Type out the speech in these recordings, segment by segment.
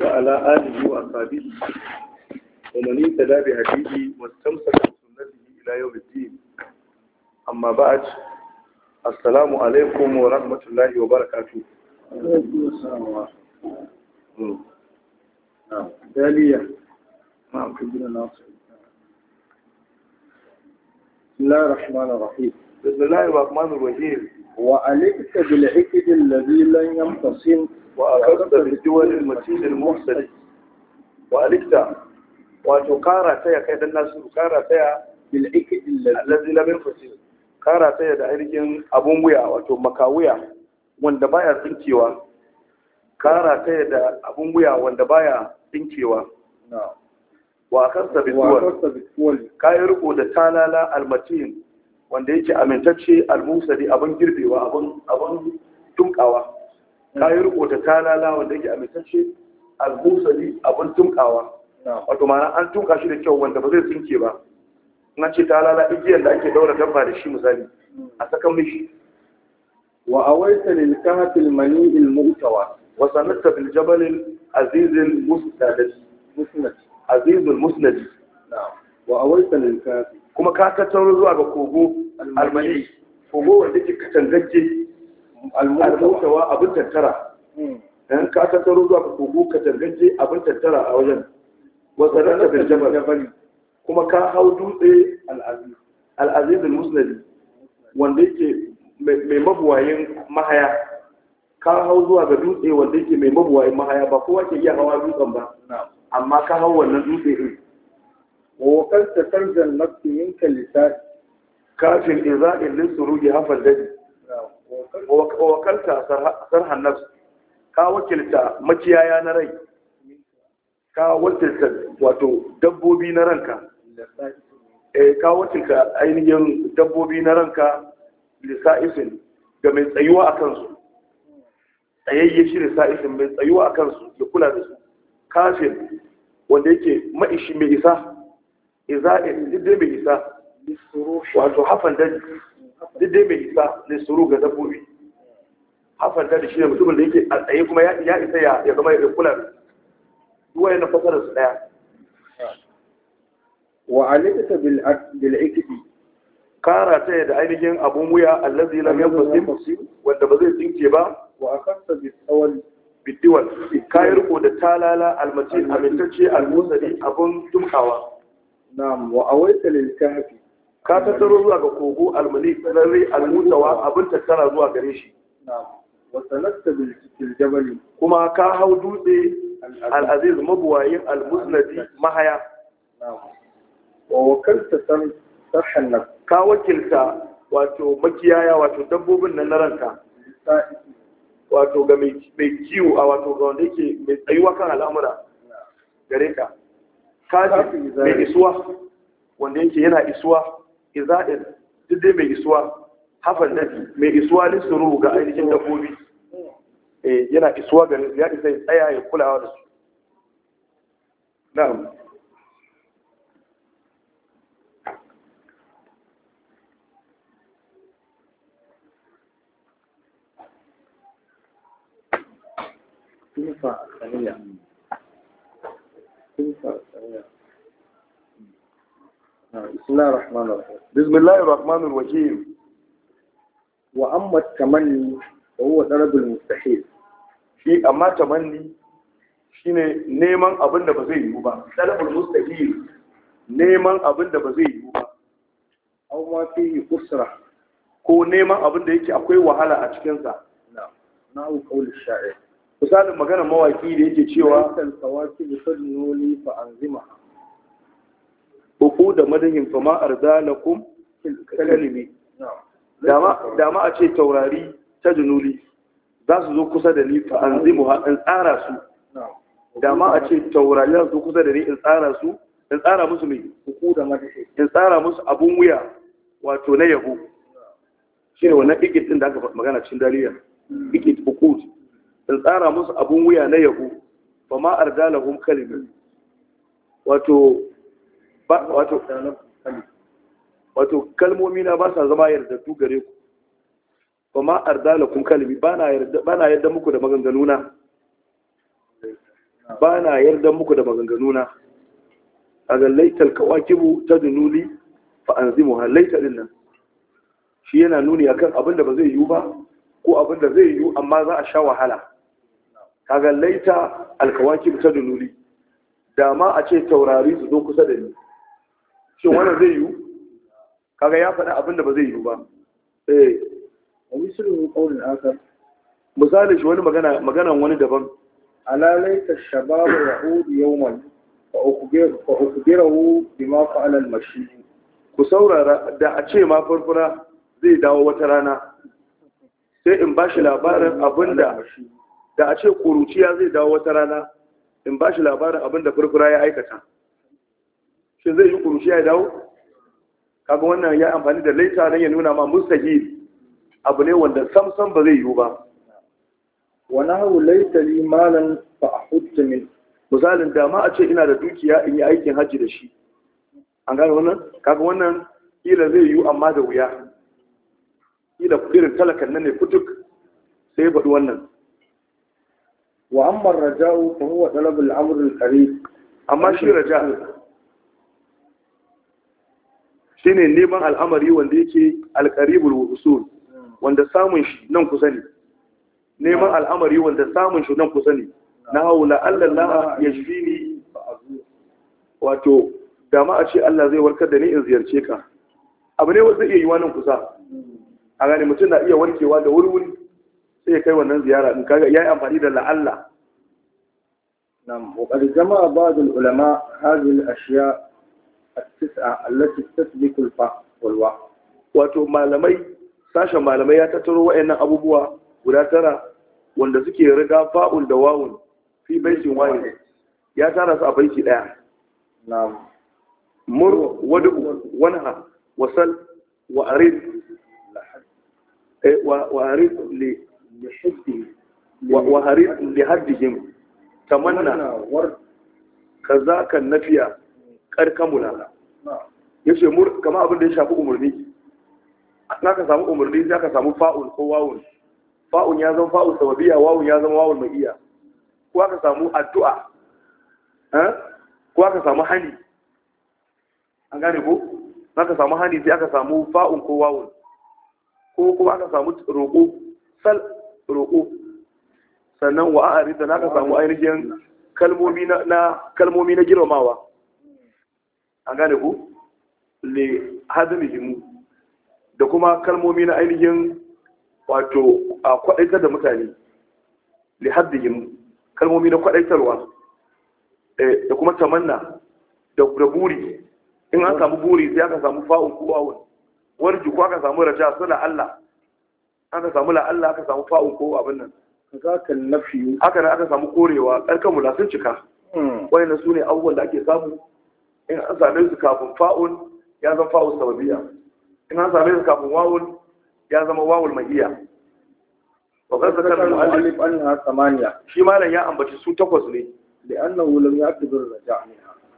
وعلى آله وأصحابه ومن اهتدى بهديه واستمسك بسنته إلى يوم الدين أما بعد السلام عليكم ورحمة الله وبركاته وعليكم السلام ورحمة الله نعم نعم بسم الله الرحمن الرحيم بسم الله الرحمن الرحيم وعليك بالعقد الذي لن ينقسم وأخذت بالدول المتين المحسن وعليك وتقارى تيا كيد الناس تقارى تيا بالعقد الذي لم ينقسم قارى تيا da ainihin abun wato makawuya wanda baya tsinkewa kara taya da abun wuya wanda baya tsinkewa wa akarsa bituwal kayi da talala almatin wanda yake amintacce al-musadi abin girbewa abin abin tunkawa kayi riko da talala wanda yake amintacce al-musadi abin tunkawa wato ma'ana an tunka shi da kyau wanda ba zai tsinke ba na ce talala igiyar da ake daura dabba da shi misali a sakan mishi wa awaita lil kahfil mani'il mutawa wa sanatta bil jabal aziz al musnad aziz al musnad wa awaita lil kahfil kuma ka tattauna zuwa ga kogo almani kogo wanda ke katangajje almutawa abin tattara hmm. dan ka tattauna zuwa ga kogo katangajje abin tattara a wajen wasarar da jabal kuma ka hau dutse al'aziz al-musnadi wanda ke mai mabuwayin mahaya ka hau zuwa ga dutse wanda ke mai mabuwayin mahaya ba kowa ke iya hawa dutsen ba amma ka hau wannan dutse din ووكلت فرج النفس منك اللسان كاف الإذاء للسروج هف الذي ووكلت سرح النفس كاوكلت مكيايا نري كاوكلت واتو دبوبي نرنكا كاوكلت أينيين دبوبي نرنكا lisa'isin ga mai tsayuwa a kansu tsayayye shi lisa'isin mai tsayuwa a kansu da kula da su kafin wanda yake ma'ishi mai isa iza didde mai isa wato hafan ne da a kuma ya isa ya zama daya wa da ainihin abun wuya allazi lam yanfasim wanda ba zai tsinke ba wa akasta bi tsawali bidiwal kayar ko da talala almatin amintacce almusari abun tumkawa na'am wa awaita lil kahfi ka tattaro zuwa ga kogo almani tsararre almutawa abin tattara zuwa gare shi wa sanatta bil jabali kuma ka hau dutse al-aziz mabuwayin al-musnadi mahaya wa wakalta sarhan nan ka wakilta wato makiyaya wato dabbobin nan na ranka wato ga mai kiwo a wato ga wanda yake mai tsayuwa kan al'amura gare ka kaji mai isuwa wanda yake yana isuwa iza'il duk mai isuwa hafan nabi mai isuwa lissuru ga ainihin dabbobi eh, yana isuwa ga ya isa ya tsaya ya kulawa da su na'am Nufa, Kaniya. بسم الله الرحمن الرحيم بسم الله الرحمن الرحيم التمني وهو طلب المستحيل في اما تمني shine neman abin da ba zai yi ba talabul mustahil neman abin da ba zai yi ba aw ma fi usra ko neman abin da yake akwai wahala a cikin sa na'u qawli sha'ir misali magana mawaki da yake cewa kan sawaki bi fadloli fa anzima uku da madahin fa ma arzalakum kalimi dama dama a ce taurari ta junuli za su zo kusa da ni fa anzimu ha in tsara su dama a ce taurari za su zo kusa da ni in tsara su in tsara musu mai uku da madahin in tsara musu abun wuya wato na yabo shi ne wannan ikit din da aka magana cikin daliya hmm. ikit uku in tsara musu abun wuya na yahu ba ma arda lahum kalibin wato ba wato wato kalmomi na ba sa zama yardattu gare ku ba ma arda lakum kalibi ba na yarda muku da maganganuna ba na yarda muku da maganganuna a ga laital kawakibu ta dunuli fa an zimu ha din nan shi yana nuni akan abin da ba zai yiwu ba ko abin da zai yiwu amma za a sha wahala kaga laita alkawaki ta dunuli da ma a ce taurari su zo kusa da ni shin wannan zai yiwu kaga ya faɗa abin da ba zai yiwu ba eh wa mislu na aka misali shi wani magana magana wani daban ala laita shabab ya'ud yawman fa ukhbir fa ukhbirahu bima fa'ala al-mashi ku saurara da a ce ma farfara zai dawo wata rana sai in bashi labarin abinda da a ce ƙuruciya zai dawo wata rana in ba shi labarin abin da furfura ya aikata shi zai yi ƙuruciya ya dawo kaga wannan ya amfani da laita don ya nuna ma mustahil abu ne wanda samsam ba zai yiwu ba wani hau laita li malan ba a hutu min misalin dama a ce ina da dukiya in yi aikin hajji da shi an gane wannan kaga wannan kila zai yiwu amma da wuya kila irin talakan nan ne kutuk sai ya faɗi wannan wa amma raja'u fa huwa talab al-amr al-qarib amma shi raja shine neman al'amari wanda yake al-qaribul usul wanda samun shi nan kusa ne neman al'amari wanda samun shi nan kusa ne na haula Allah la yashfini wato dama a ce Allah zai warkar da ni in ziyarce ka abu ne wanda zai iya yi wa nan kusa hmm. a gane mutum na iya warkewa da wuri wuri sai ya kai wannan ziyara in kaga yayi amfani da la'alla nam wa qad jama'a ba'd al-ulama hadhihi al-ashya at-tis'a allati tasbiqu al-fa wal wato malamai sashen malamai ya tattaro wayannan abubuwa guda tara wanda suke riga fa'ul da wawun fi baitin wahid ya tara su a baiti daya nam mur du wanha wasal wa arid eh, wa arid li لحدهم تمنى كذاك النفيا كركمنا yace mur kama abin da ya shafi umarni za ka samu umarni za ka samu fa'un ko wawun fa'un ya zama fa'un sababiya wawun ya zama wawun mai iya ko aka samu addu'a ko aka samu hani an gane ko za ka samu hani sai aka samu fa'un ko wawun ko kuma aka samu roƙo roƙo sannan wa a'ari na ka samu ainihin kalmomi na kalmomi na girmamawa an gane ku le hadamihim da kuma kalmomi na ainihin wato a kwaɗaitar da mutane le haddihim kalmomi na kwaɗaitarwa eh, da kuma tamanna da buri in an samu buri sai aka samu fa'un ko wani warji ko aka samu raja suna Allah aka samu la'alla aka samu fa'u ko abin nan zaka nafi haka nan aka samu korewa karkan mula sun cika hmm. wayannan sune abubuwan da ake samu in an same su kafin fa'un ya zama fa'un sababiya in an same su kafin wawun ya zama wawul mahiya wa kan zakar mu'allif annaha samaniya shi malam ya ambaci su takwas ne ya fi ya'tabir Raja?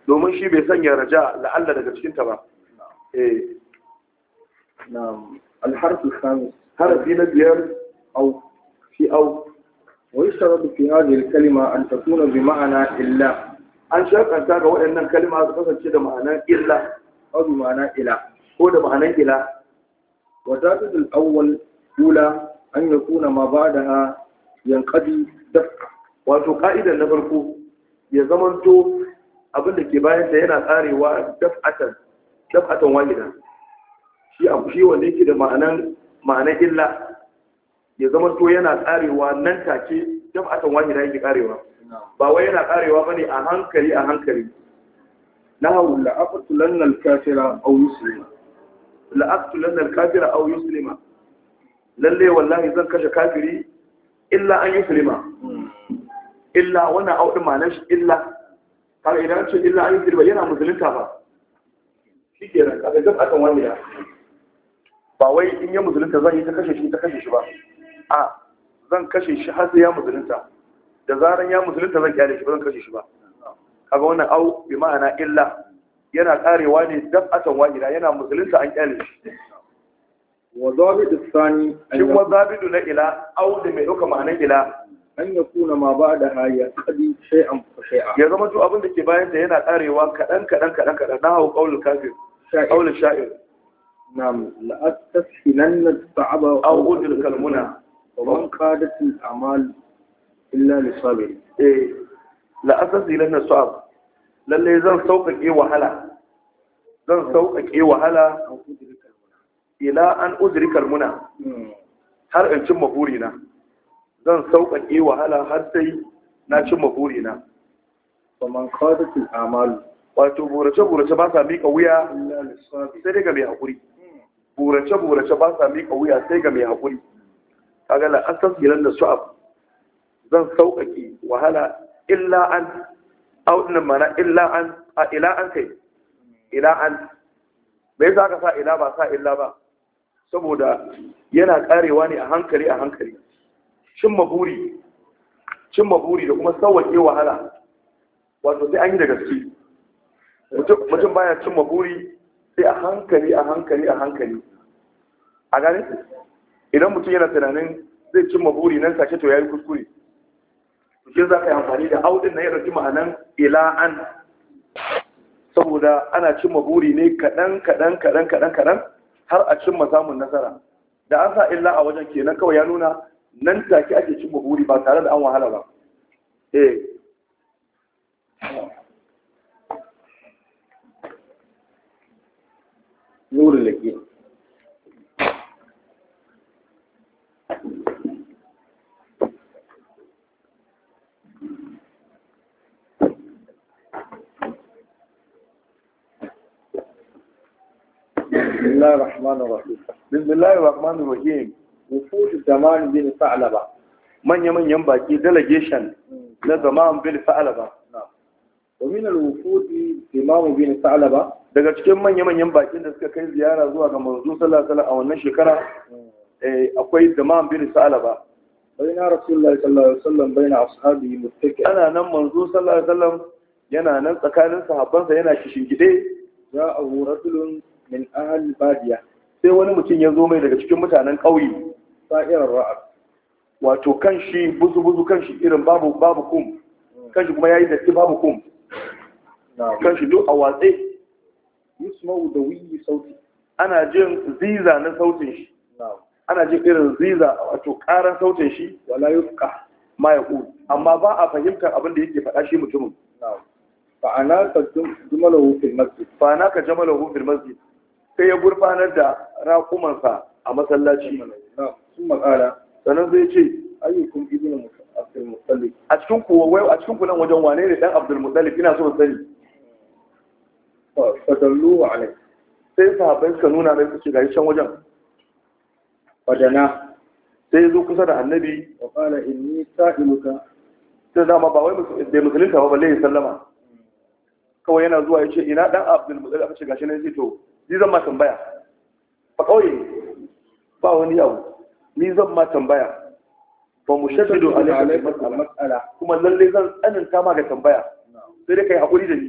domin shi bai sanya raja la'alla daga cikinta ba eh na'am al khamis harafi na biyar au fi au wa yushtarabu fi hadhihi al-kalima an tafuna bi ma'ana illa an shakanta ga waɗannan kalima su kasance da ma'anan illa ko bi ma'ana ila ko da ma'anan ila wa tadid al-awwal ula an kuna ma da yankadi da wato ka'idar na farko ya zamanto abin da ke bayan da yana tsarewa daf'atan daf'atan wahida shi a shi wanda yake da ma'anan ma'ana illa ya zama to yana karewa nan take jam'atan da yake karewa ba wai yana karewa bane a hankali a hankali nahu la'aqtulanna al-kafira aw yuslima la'aqtulanna al-kafira aw yuslima lalle wallahi zan kashe kafiri illa an yuslima illa wannan audin ma'anar shi illa kar idan ce illa an yuslima yana musulunta ba shi kenan kaga jam'atan da ba wai in ya musulunta zan yi ta kashe shi ta kashe shi ba a zan kashe shi har sai ya musulunta da zaran ya musulunta zan kyale shi ba zan kashe shi ba kaga wannan au bi ma'ana illa yana karewa ne dab'atan wahida yana musulunta an kyale shi wa zabidu sani shi kuma zabidu na ila au da mai dauka ma'anar ila an ya kuna ma ba da haya kadi shay'an fa shay'a ya zama to abin da ke bayan ta yana karewa kadan kadan kadan kadan na hau qaulul kafir qaulul sha'ir نعم لأستسهلن الصعب أو أدرك المنى ومن قادت الأعمال إلا لصابر إيه لأستسهلن الصعب للي زن سوقك إيه وهلا زن سوقك إيه وهلا إلى أن أدرك المنى har in cimma burina zan sauƙaƙe wahala har sai na cimma burina faman qadatul amalu wato burace burace ba sa mika wuya sai daga mai haƙuri. burace-burace ba sa miƙa wuya sai ga mai haƙuri kaga la astasgiran da su'ab zan sauƙaƙe wahala illa an audinan mana illa an a ila an kai ila an me yasa ka sa ila ba sa illa ba saboda yana karewa ne a hankali a hankali cin maburi cin maburi da kuma sauƙaƙe wahala wato sai an yi da gaske mutum baya cin maburi sai a hankali a hankali a hankali a gane idan mutum yana tunanin zai cimma buri nan sake to ya yi kuskure cikin za ka yi amfani da audin na ya ɗauki nan ila'an saboda ana cimma buri ne kaɗan kaɗan kaɗan kaɗan kaɗan har a cimma samun nasara da an sa illa a wajen kenan kawai ya nuna nan take ake cimma buri ba tare da an wahala ba eh نور لك بسم الله الرحمن الرحيم بسم الله الرحمن الرحيم وفود الزمان بن ثعلبة من يمن ينبغي delegation na بين bil ومن الوفود imamu bin sa'alaba daga cikin manya-manyan bakin da suka kai ziyara zuwa ga manzo sallallahu alaihi a wannan shekara eh, akwai zaman bin sa'alaba bayan rasulullahi sallallahu alaihi wasallam bayan ashabi muttaki ana nan manzo sallallahu alaihi wasallam yana nan tsakanin sahabbansa yana kishingide ya abu rajulun min ahli badiya sai wani mutum ya zo mai daga cikin mutanen ƙauye sa'irar ra'ab wato kan shi buzu buzu kan shi irin babu babu kum hmm. kan shi kuma yayi datti babu kum kan shi duk a watse yusmau da wiyi sauti ana jin ziza na sautin shi ana jin irin ziza wato karan sautin shi wala suka? ma ya yaqul amma ba a fahimtar abin da yake faɗa shi mutumin fa ana ka jumalahu hufin masjid fa ana ka jumalahu hufin masjid sai ya gurfanar da raƙumansa a masallaci sun makara sannan zai ce ayyukun ibnu abdul muttalib a cikin kuwa a cikin kunan nan wajen wane ne dan abdul muttalib ina so sani fadallu wa alai sai sahabai suka nuna mai suke gari can wajen fadana sai ya zo kusa da annabi wa fara inni sa'iluka sai dama ba wai da musulunta ba balle ya sallama kawai yana zuwa ya ce ina dan abdul mutsali aka shiga shi ne zai to ni zan ma tambaya ba kawai ba wani abu ni zan ma tambaya ba mu shaddidu alaika mas'ala kuma lalle zan tsananta ma ga tambaya sai dai kai hakuri da ni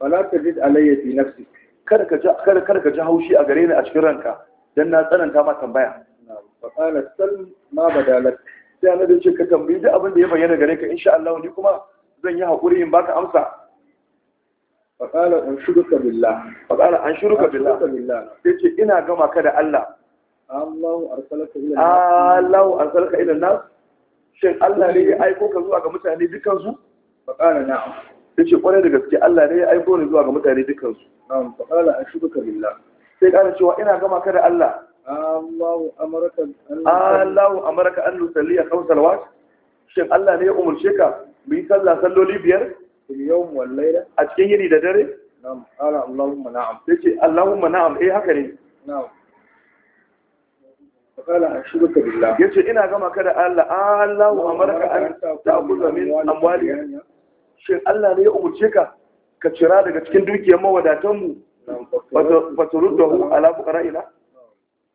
fala tajid alayya fi nafsi kar ka kar kar ka ji haushi a gare ni a cikin ranka dan na tsananta ma tambaya fa qala sal ma badalat sai annabi ce ka tambayi duk abin da ya bayyana gare ka insha Allah ni kuma zan yi hakuri in baka amsa fa qala anshuruka billah fa qala anshuruka billah sai ce ina gama ka da Allah Allah arsalaka ila ah, Allah arsalaka ila nas shin Allah ne ya aiko ka zuwa ga mutane dukansu fa qala na'am yace kwarai da gaske Allah ne ya aiko ni zuwa ga mutane dukkan su na'am fa qala ashbuka billah sai kana cewa ina gama ka da Allah Allahu amaraka Allahu amaraka an nusalli shin Allah ne ya umurce ka mu yi sallah salloli biyar fil yawm wal layla a cikin yini da dare na'am qala Allahumma na'am Allahumma na'am eh haka ne na'am fakala ashruka billah yace ina gama ka da Allah Allahu amaraka an ta'khudha min shin Allah ne ya umurce ka ka cira daga cikin dukiyar mawadatanmu fataruddahu ala fuqara'ina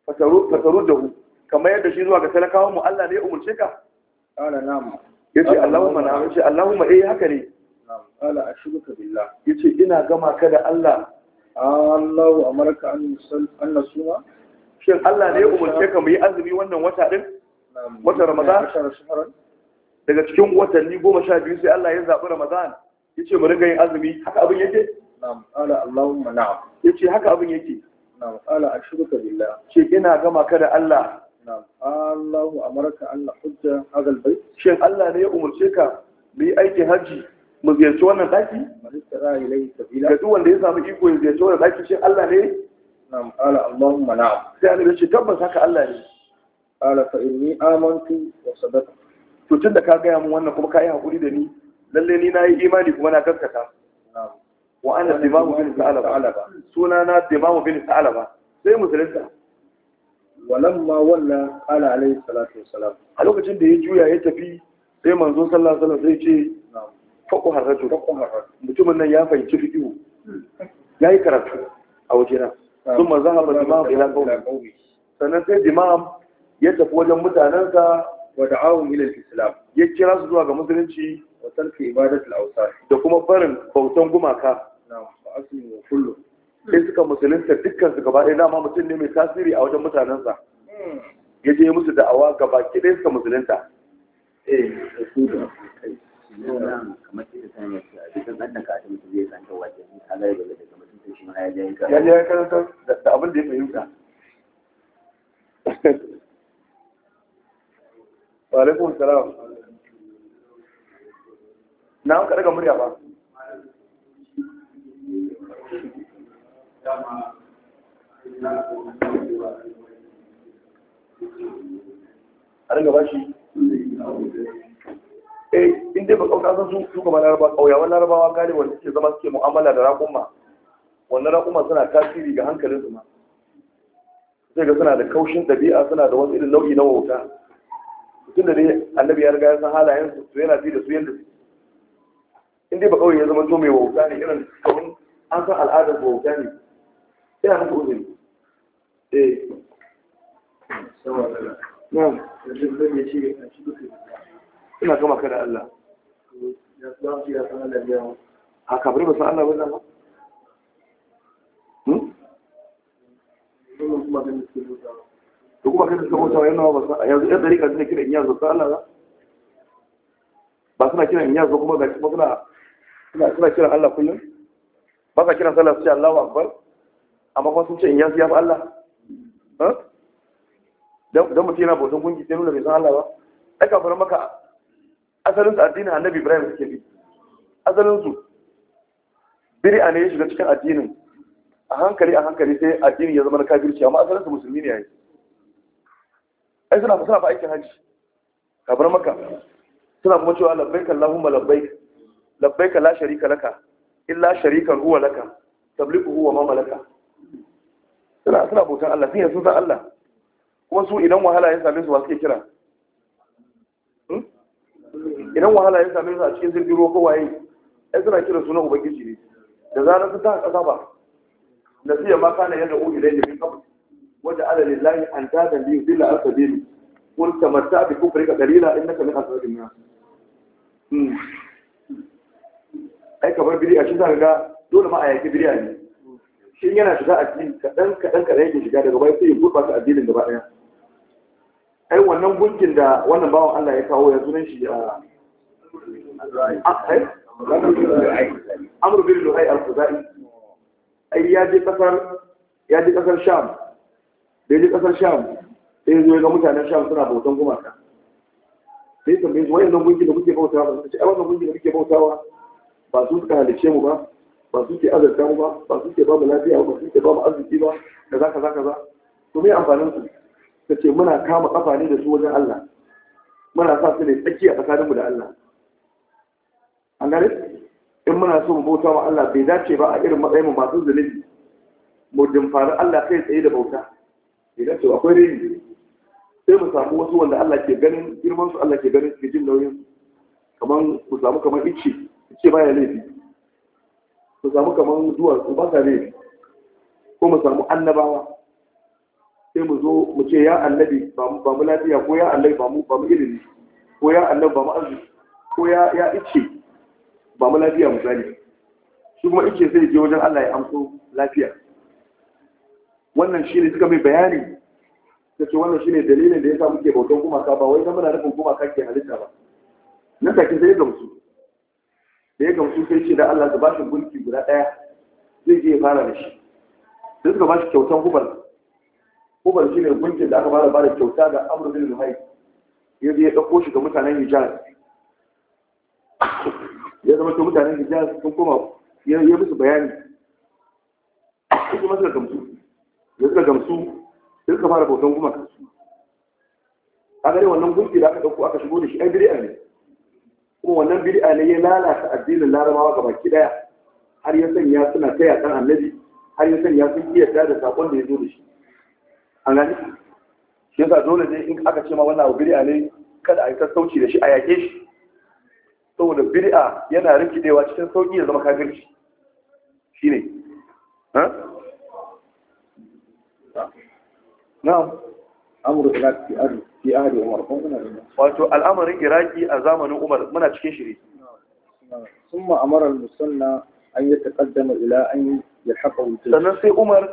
fataruddahu kamar yadda shi zuwa ga talakawa mu Allah ne ya umurce ka ala na'am yace Allahumma na'am yace Allahumma eh haka ne ala ashruka billah yace ina gama ka da Allah Allahu amarka an sal an nasuma shin Allah ne ya umurce ka mu yi azumi wannan wata din wata Ramadan daga cikin watanni goma sha biyu sai Allah ya zaɓi Ramadan ya ce mu ringa yin azumi haka abin yake? Na'am ala Allahumma na'am. Ya ce haka abin yake? Na'am ala ashruka billah. Ce ina gama ka da Allah. Na'am Allahu amarka Allah hujja hadal bait. Shin Allah ne ya umarce ka mu yi aikin hajji mu ziyarci wannan daki? Manistara ilayhi sabila. Ga duk wanda ya samu iko ya ziyarci wannan daki shi Allah ne? Na'am ala Allahumma na'am. Sai Allah ya ce tabbas haka Allah ne. Ala fa inni amantu wa sadaqtu. to tun da ka gaya mun wannan kuma ka yi haƙuri da ni lalle ni na yi imani kuma na gaskata wa ana dimamu bin sa'alaba suna na dimamu bin sa'alaba sai musulunta walamma walla ala alaihi salatu wassalam a lokacin da ya juya ya tafi sai manzo sallallahu alaihi wasallam sai ce faqu harraju mutumin nan ya fahimci fiqhu yayi karatu a wajena sun zahaba dimamu ila qawmi sannan sai dimamu ya tafi wajen mutanensa wa da'awun ila islam ya kira su zuwa ga musulunci wa tarki ibadatul awsar da kuma barin bautan gumaka na asli wa kullu sai suka musulunta dukkan su gaba ɗaya dama mutum ne mai tasiri a wajen mutanensa hmm. ya je musu da'awa gaba ki ɗaya suka musulunta eh su da kai kamar kida ta ne a cikin ɗan ka ta mutum zai san ta waje ka ga daga daga mutum shi ma ya je ka ya je ka da abin da ya fahimta alaikun salam na an karga murya ba a ringa bashi. eh inda ba kauka san su su kamar larabawa kauyawan larabawa gane wanda suke zama suke mu'amala da raƙuma wannan raƙuma suna tasiri ga hankalin su ma sai ga suna da kaushin ɗabi'a suna da wasu irin nau'i na wauta tunda dai annabi ya riga ya san halayen su to yana ji da su yadda su in dai ba kawai ya zama to mai wauta ne irin kawai an san al'adar wauta ne yana musu uzuri eh ina gama ka da Allah a kabari ba san Allah ba zama Hmm? Duk kuma kai da suka bauta wa yan nawa ba yanzu yan dariƙa suna kiran iyaz ba Allah ba ba suna kiran iyaz ba kuma ga kuma suna suna kiran Allah kullum ba ka kiran sallah su ce Allahu akbar amma kuma sun ce iyaz ya fi Allah dan mutum yana bautan gungi sai nuna bai san Allah ba ai kafaran maka asalin su addinin Annabi Ibrahim suke bi asalin su a ne ya shiga cikin addinin a hankali a hankali sai addini ya zama na kafirci amma asalin su musulmi ne yayi ai suna suna fa aikin hajji kabar maka suna kuma cewa labbaik allahumma labbaik labbaik la sharika laka illa sharikan huwa laka tabliku huwa ma malaka suna suna bautan Allah sai sun san Allah kuma su idan wahala ya same su ba suke kira hmm? idan wahala ya same su a cikin jirgin ruwa ko waye ai suna kira sunan ubangiji ne da zarar sun ta kasa ba nasiya ma kana yadda ubi da yake وجعل لله أندادا ليضل على سبيله قل تمتع بكفرك دليلا إنك من أسرار الناس أي kamar بريئة شو shi دون ما dole بريئة a yaki biri ne shi yana shiga addini kaɗan kaɗan kaɗan yake shiga daga baya sai ya gurɓata addinin ai wannan gunkin da wannan bawan Allah ya kawo ya sunan shi a ah, eh? amur bin luhai al-khuzai ai ya je kasar ya je kasar sham da ya kasar sham sai ya zo ga mutanen sham suna bautan gumaka sai tambaye su wayannan gungi da kuke bautawa ba su ce ai wannan gungi da kuke bautawa ba su suka halice mu ba ba su ke azarta mu ba ba su ke ba mu lafiya ba su ke ba mu arziki ba kaza kaza kaza to me amfanin su ta ce muna kama kafa ne da su wajen Allah muna sa su ne tsaki a tsakaninmu da Allah an gane in muna so mu bauta wa Allah bai dace ba a irin matsayin mu masu zunubi mu dimfari Allah kai tsaye da bauta idan to akwai rini sai mu samu wasu wanda Allah ke ganin girman su Allah ke ganin ke jin nauyin kaman ku samu kaman ice ice baya laifi ku samu kaman ku ba sa laifi ko mu samu annabawa sai mu zo mu ce ya annabi ba mu lafiya ko ya annabi ba mu ba mu ilimi ko ya annabi ba mu arziki ko ya ya ice ba mu lafiya misali shi kuma ice sai je wajen Allah ya amso lafiya wannan shi ne suka mai bayani ta ce wannan shi ne dalilin da ya sa muke bautan gumaka ba wai muna nufin gumaka ke halitta ba nan ke sai ya gamsu da ya gamsu sai ce da Allah da bashin gunki guda ɗaya zai je fara da shi sai suka bashi kyautan hubar. Hubar shi ne gunkin da aka fara ba da kyauta ga amur bin ya je ya ɗauko shi ga mutanen hijaz ya zama ta mutanen hijaz sun koma ya musu bayani kuma suka gamsu da suka gamsu da suka fara bautan gumaka su a gare wannan gunki da aka ɗauko aka shigo da shi ai bid'a ne kuma wannan bid'a ne ya lalata addinin larabawa ga baki daya har ya sanya suna taya kan annabi har ya sanya sun iya da sakon da ya zo da shi an gani shi yasa dole ne in aka ce ma wannan abu bid'a ne kada a yi sassauci da shi a yaƙe shi saboda bid'a yana rikidewa cikin sauƙi ya zama kafirci shine ha na'am amru iraq fi ahli fi umar ko al'amarin iraki a zamanin umar muna cikin shiri summa amara al-musanna an yataqaddama ila an yahqa sannan sai umar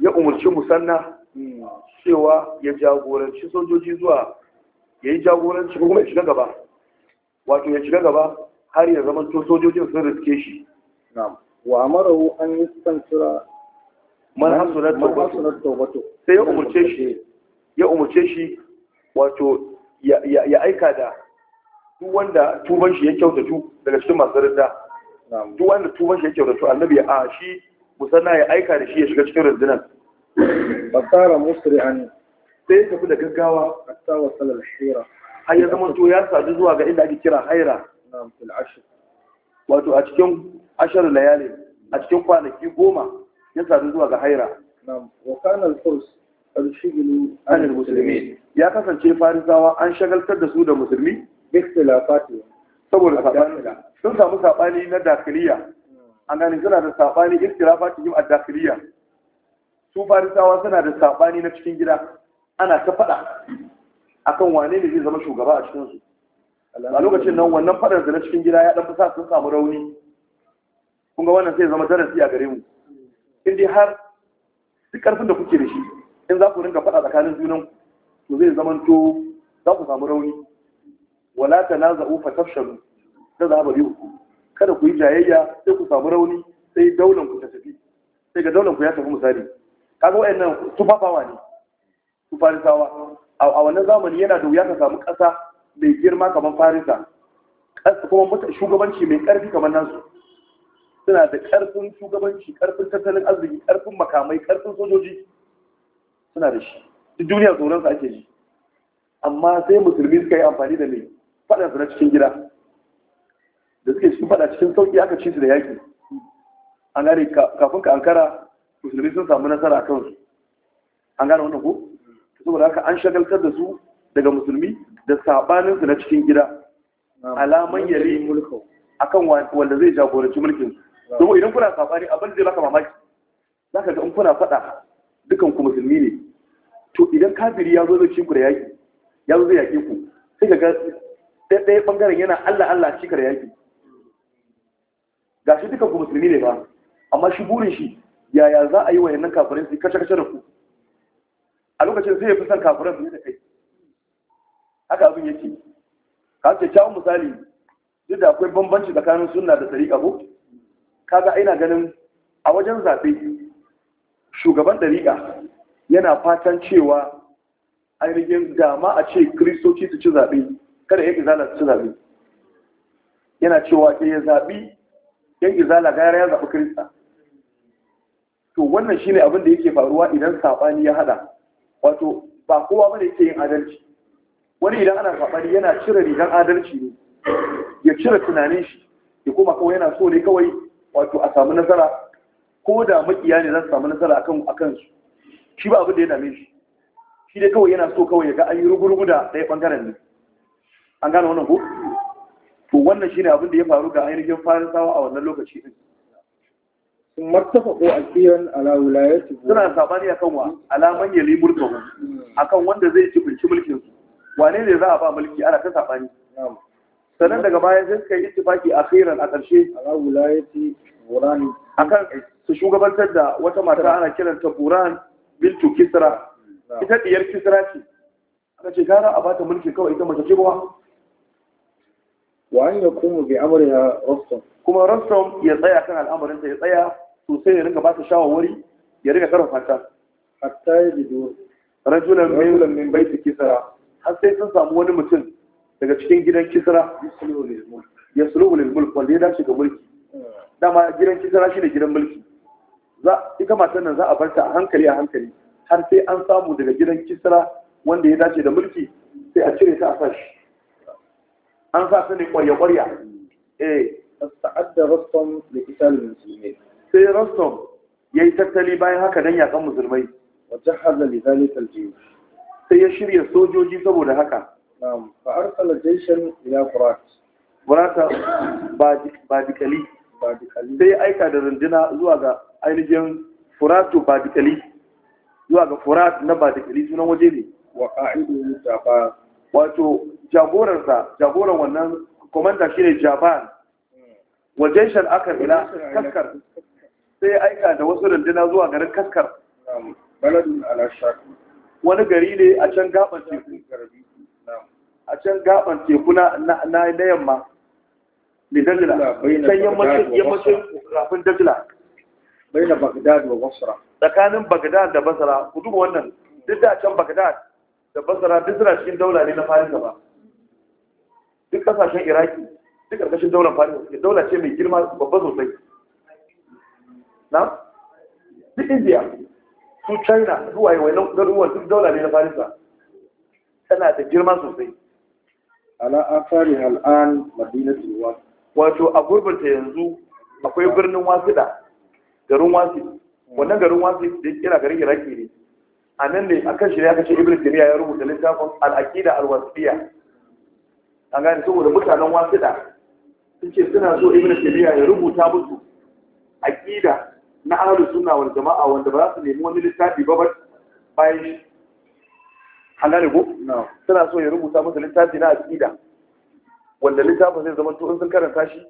ya umarci musanna hmm. cewa ya jagoranci sojoji zuwa ya yi jagoranci kuma ya shiga gaba wato ya shiga gaba har ya zama sojojin sun riske shi wa amarahu an yi santura man hasunar taubato, sai ya umarce shi ya umarce shi wato ya aika da duk wanda tuban shi ya kyautatu daga cikin masu rinda duk wanda tuban shi ya kyautatu annabi a shi musanna ya aika da shi ya shiga cikin rundunar fasara musri'an sai ya tafi da gaggawa hatta wasal al-hira har ya zama to ya sadu zuwa ga inda ake kira haira wato a cikin ashar layali a cikin kwanaki goma ya sadu zuwa ga haira ya kasance farisawa an shagaltar da su da musulmi saboda saɓani sun samu saɓani na dakiliya A gane suna da sabani ikhtilafati jim ad-dakiliya su farisawa suna da saɓani na cikin gida ana ta faɗa. akan wane ne zai zama shugaba a cikin su a lokacin nan wannan fadar da na cikin gida ya dan fi sa sun samu rauni kun ga wannan sai zama darasi a gare mu in dai har duk ƙarfin da kuke da shi in za ku rinka faɗa tsakanin junan to zai zamanto za ku samu rauni wala ta na fa tafshalu ta za ba uku. kada ku yi jayayya sai ku samu rauni sai daular ku ta tafi sai ga daular ku ya tafi misali kaga wayannan su fafawa ne su farisawa a wannan zamani yana da wuya ka samu ƙasa mai girma kamar farisa kuma shugabanci mai ƙarfi kamar nasu suna da ƙarfin shugabanci ƙarfin tattalin arziki ƙarfin makamai ƙarfin sojoji suna da shi duk duniya tsoron sa ake ji amma sai musulmi suka yi amfani da mai faɗa su na cikin gida da suke cikin faɗa cikin sauƙi aka ci su da yaƙi an gane kafin ka ankara musulmi sun samu nasara a kansu an gane wannan ko saboda haka an shagaltar da su daga musulmi da su na cikin gida alaman yare mulkau akan wanda zai jagoranci mulkin su. saboda idan kuna sabani abin da zai baka mamaki za ka ga in kuna faɗa dukan ku musulmi ne to idan kafiri ya zo zai ku da yaƙi ya zo zai yaƙe ku sai ka ga ɗaya ɓangaren yana Allah Allah cika da yaƙi ga shi dukan ku musulmi ne ba amma shi burin shi yaya za a yi wa yannan kafirin su kace kace da ku a lokacin sai ya fi son kafirin su ne da kai haka abin yake ka ce kyawun misali duk da akwai bambanci tsakanin sunna da tsariƙa ko kaga ina ganin a wajen zaɓe shugaban ɗariƙa yana fatan cewa ainihin dama a ce kiristoci su ci zaɓe kada yan izala su ci zaɓe yana cewa ke ya zaɓi yan izala gara ya zaɓi kirista to wannan shine abin da yake faruwa idan saɓani ya haɗa wato ba kowa bane ke yin adalci wani idan ana saɓani yana cire rigar adalci ne ya cire tunanin shi ya koma kawai yana so ne kawai wato a samu nasara ko da makiya ne za su samu nasara akan akan su shi ba abin da ya dame shi shi dai kawai yana so kawai ya ga an yi rugurugu da ɗaya ɓangaren ne an gane wannan ko to wannan shi ne abin da ya faru ga ainihin farisawa a wannan lokaci ɗin sun a ko alawulaye su suna sabani akan wa alaman yali a akan wanda zai ci binci mulkin su wane ne za a ba mulki ana ta sabani sannan daga baya sai suka yi ittifaki akhiran a ƙarshe ala wilayati burani akan su shugabantar da wata mata ana kiranta buran bintu kisra ita diyar kisra ce aka ce gara a bata mulki kawai ita mace ce bawa wa an yakumu bi amriha rastam kuma rastam ya tsaya kan al'amarin ta ya tsaya sosai ya ringa ba ta shawarwari ya ringa karfafa ta hatta ya bido rajulan min baiti kisra har sai sun samu wani mutum daga cikin gidan kisra ya sulubu lil mulk wanda ya dace ga mulki dama gidan kisra shine gidan mulki za ita matan nan za a barta a hankali a hankali har sai an samu daga gidan kisra wanda ya dace da mulki sai a cire ta a sashi an sa su ne kwarya kwarya eh ta'adda rastom da kisar musulmi sai rastom ya yi tattali bayan haka don yakan musulmai wajen hazali zalika aljihu sai ya shirya sojoji saboda haka na'am fa arsala jayshan badikali sai aika da runduna zuwa ga ainihin furatu badikali zuwa ga furat na badikali sunan waje ne wa wato jagoransa jagoran wannan komanda shine jaban wa aka ila kaskar sai aika da wasu runduna zuwa garin kaskar wani gari ne a can gaban teku a can gaban teku na na yamma li dajila can yammacin yammacin rafin dajila baina bagdad da basra tsakanin bagdad da basra ku duba wannan duk da can bagdad da basra duk suna cikin daula ne na farin gaba. duk kasashen iraki duk karkashin daular farin suke daula ce mai girma babba sosai na duk india su china zuwa yi wani garuruwan duk daula ne na farisa tana da girma sosai ala afari al'an madinatu wasu wato a gurbinta yanzu akwai birnin wasida garin wasi wannan garin wasi da kira garin iraki ne a nan ne akan shi ne aka ce ibn taymiya ya rubuta littafin al-aqida al-wasiyya an gane saboda mutanen wasida sun ce suna so Ibrahim taymiya ya rubuta musu aqida na ahlus sunna wal jama'a wanda ba za su nemi wani littafi ba bayan an gane ko suna so ya rubuta musu littafi na aqida wanda littafin zai zama to in sun karanta shi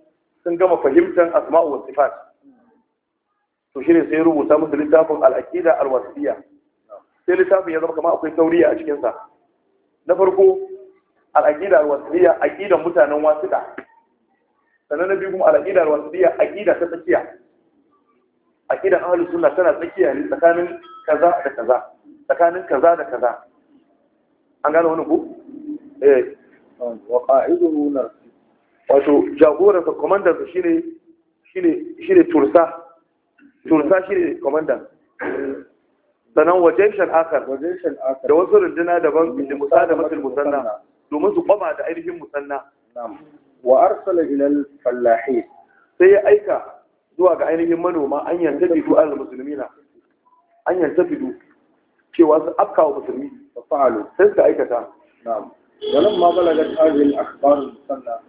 sun gama fahimtar asma'u wa sifat to shine sai rubuta musu littafin al-aqida al-wasiyya sai littafin ya zama kama akwai tauriya a cikinsa. na farko al-aqida al-wasiyya aqidan mutanen wasiqa sannan na biyu kuma al-aqida al-wasiyya aqida ta tsakiya aqidan ahlus sunna tana tsakiya ne tsakanin kaza da kaza tsakanin kaza da kaza an gano wani ku eh wa qa'iduhu narsi wato jagoran sa komandan su shine shine shine tursa tursa shine komandan sanan wajeshan akar wajeshan akar da wasu runduna daban da musa da masul musanna domin su kwama da ainihin musanna wa arsala ila al sai ya aika zuwa ga ainihin manoma an yantafidu al-muslimina an yantafidu cewa su afka wa musulmi da fa'alu sai suka aikata na'am nan ma balagar azil akhbar musanna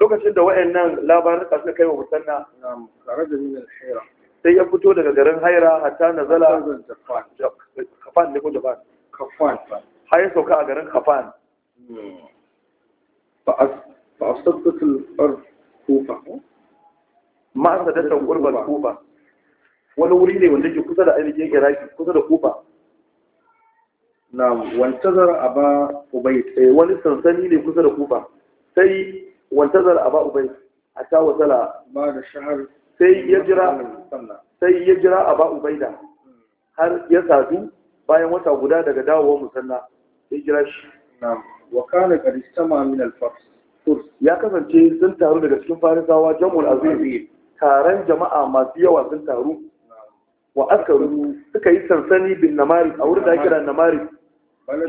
lokacin da wayannan labarin suka kai wa musanna na'am kharaja min al-hira sai ya fito daga garin haira hatta nazala kafan ne ko ba kafan har ya sauka a garin kafan hmm. a asabtatul ard kufa ma asadatul qurba kufa wani wuri ne wanda ke kusa da ainihin iraki kusa da kufa na wantazar ba ubai eh, wani sansani ne kusa da kufa sai wantazar ba ubai a ta wasala ba da shahar sai ya jira sai ya jira ubai ubaida har ya sadu bayan wata guda daga dawowar musalla sai jira shi na wakana ga qad min alfars ya kasance sun taru daga cikin farisawa jamul azim taron jama'a masu yawa sun taru wa aka suka yi sansani bin namari a wurin da ake kira namari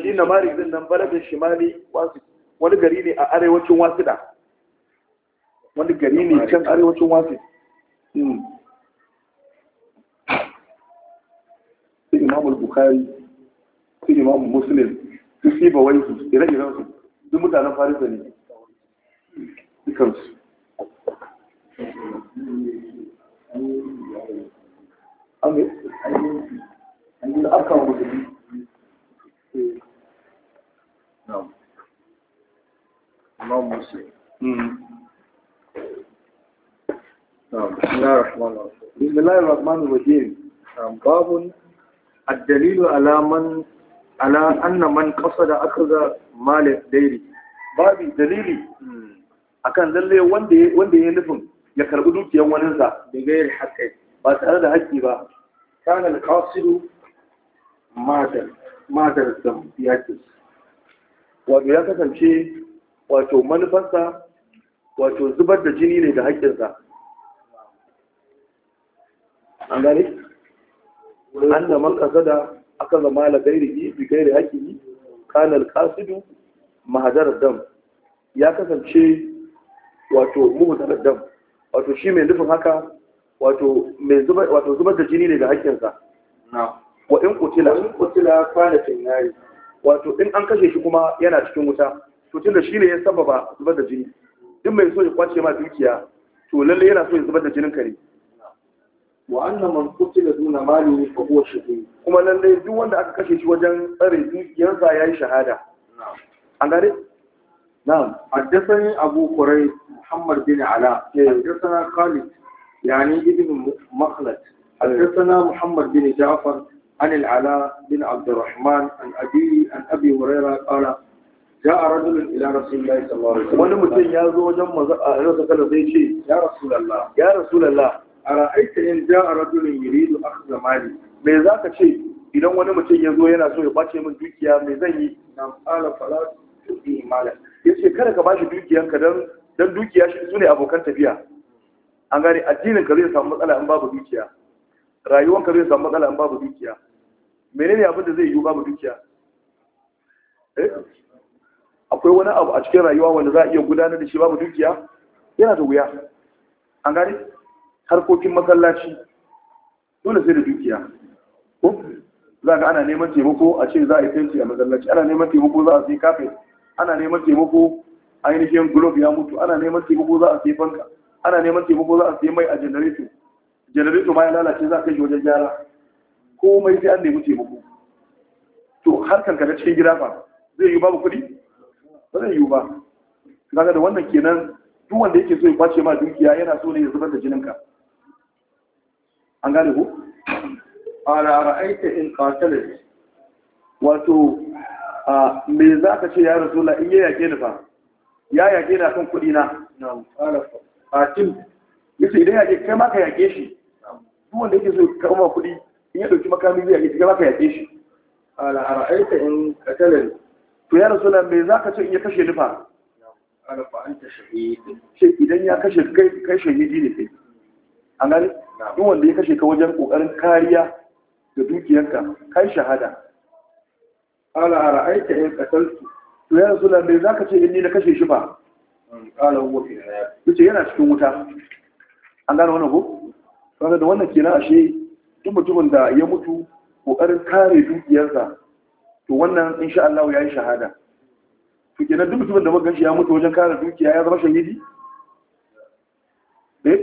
shi na mari din nan balabin shimali wasu wani gari ne a arewacin wasida wani gari ne can arewacin wasu su imamu bukari su imamu muslim su siba wani su ire-iren su sun mutanen farisa ne dukansu an yi نعم نعم بسم الله الرحمن الرحيم باب الدليل على من على ان من قصد اخذ مال ديري باب dalili akan lalle wanda wanda ya nufin ya karbi dukiyar wani sa da gairi haƙƙi ba tare da haƙƙi ba kana al-qasidu madal madar zambiyatis wato ya kasance wato manufarsa wato zubar da jini ne da haƙƙinsa an gani? an da man kasa da aka zama la gairi bi gairi haƙƙi kanal kasidu mahadar dam ya kasance wato muhudar dam wato shi mai nufin haka wato zubar da jini ne da haƙƙinsa na'am wa in kutila in kutila kana cin nari wato in an kashe shi kuma yana cikin wuta to tunda shi ne ya sababa zubar da jini duk mai so ya kwace ma dukiya to lalle yana so ya zubar da jinin kare wa anna man kutila duna malihi fa huwa shahid kuma lalle duk wanda aka kashe shi wajen tsare dukiyarsa yayi shahada an gare na'am addasani abu kurai muhammad bin ala eh. addasana khalid yani ابن مخلد addasana muhammad bin Jafar. عن ala بن عبد الرحمن عن أبي, عن أبي مريرا قال جاء رجل إلى رسول الله صلى الله عليه وسلم ولم يكن يازو جمع رسول الله يا رسول الله يا رسول الله أرأيت إن جاء رجل يريد أخذ مالي من idan wani mutum ya zo yana so ya bace min dukiya me zan yi na fara fara tuki mala yace kada ka bashi dukiyanka dan dan shi su abokan tafiya an gani addinin ka zai samu matsala in babu dukiya rayuwanka zai samu matsala in babu dukiya menene abin da zai yiwu babu dukiya eh? akwai wani abu a cikin rayuwa wanda za a iya gudanar da shi babu dukiya yana da wuya an gane harkokin masallaci dole sai da dukiya ko za ka ana neman taimako a ce za a yi fenti a masallaci ana neman taimako za a sai kafin ana neman taimako ainihin globe ya mutu ana neman taimako za a sai fanka ana neman taimako za a sai mai a janareto janareto ma ya lalace za ka yi wajen gyara komai sai an nemi taimako to har kankana cikin gida ba zai yi babu kuɗi ba zai yi ba kaga da wannan kenan duk wanda yake so ya kwace ma dukiya yana so ne ya zubar da jininka an gane ku ala ra'aita in qatalat wato a me za ka ce ya rasula in ya yake ni fa ya yake na akan kuɗi na na qala qatil yace idan yake kai ma ka yake shi duk wanda yake so karɓa kuɗi in ya ɗauki makami zai yi gaba ka yaƙe shi ala ara'aita in qatala to ya rasu me za ka ce in ya kashe ni fa ala fa anta shahid shi idan ya kashe kai kai shahidi ne kai an gani duk wanda ya kashe ka wajen kokarin kariya da dukiyarka. kai shahada ala ara'aita in qataltu to ya rasu me za ka ce in ni na kashe shi fa ala huwa fi hayat yana cikin wuta an gane wannan ko kaga da wannan kenan ashe duk mutumin da ya mutu kokarin kare dukiyarsa to wannan insha Allah ya yi shahada to kenan duk mutumin da muka ganshi ya mutu wajen kare dukiya ya zama shahidi eh?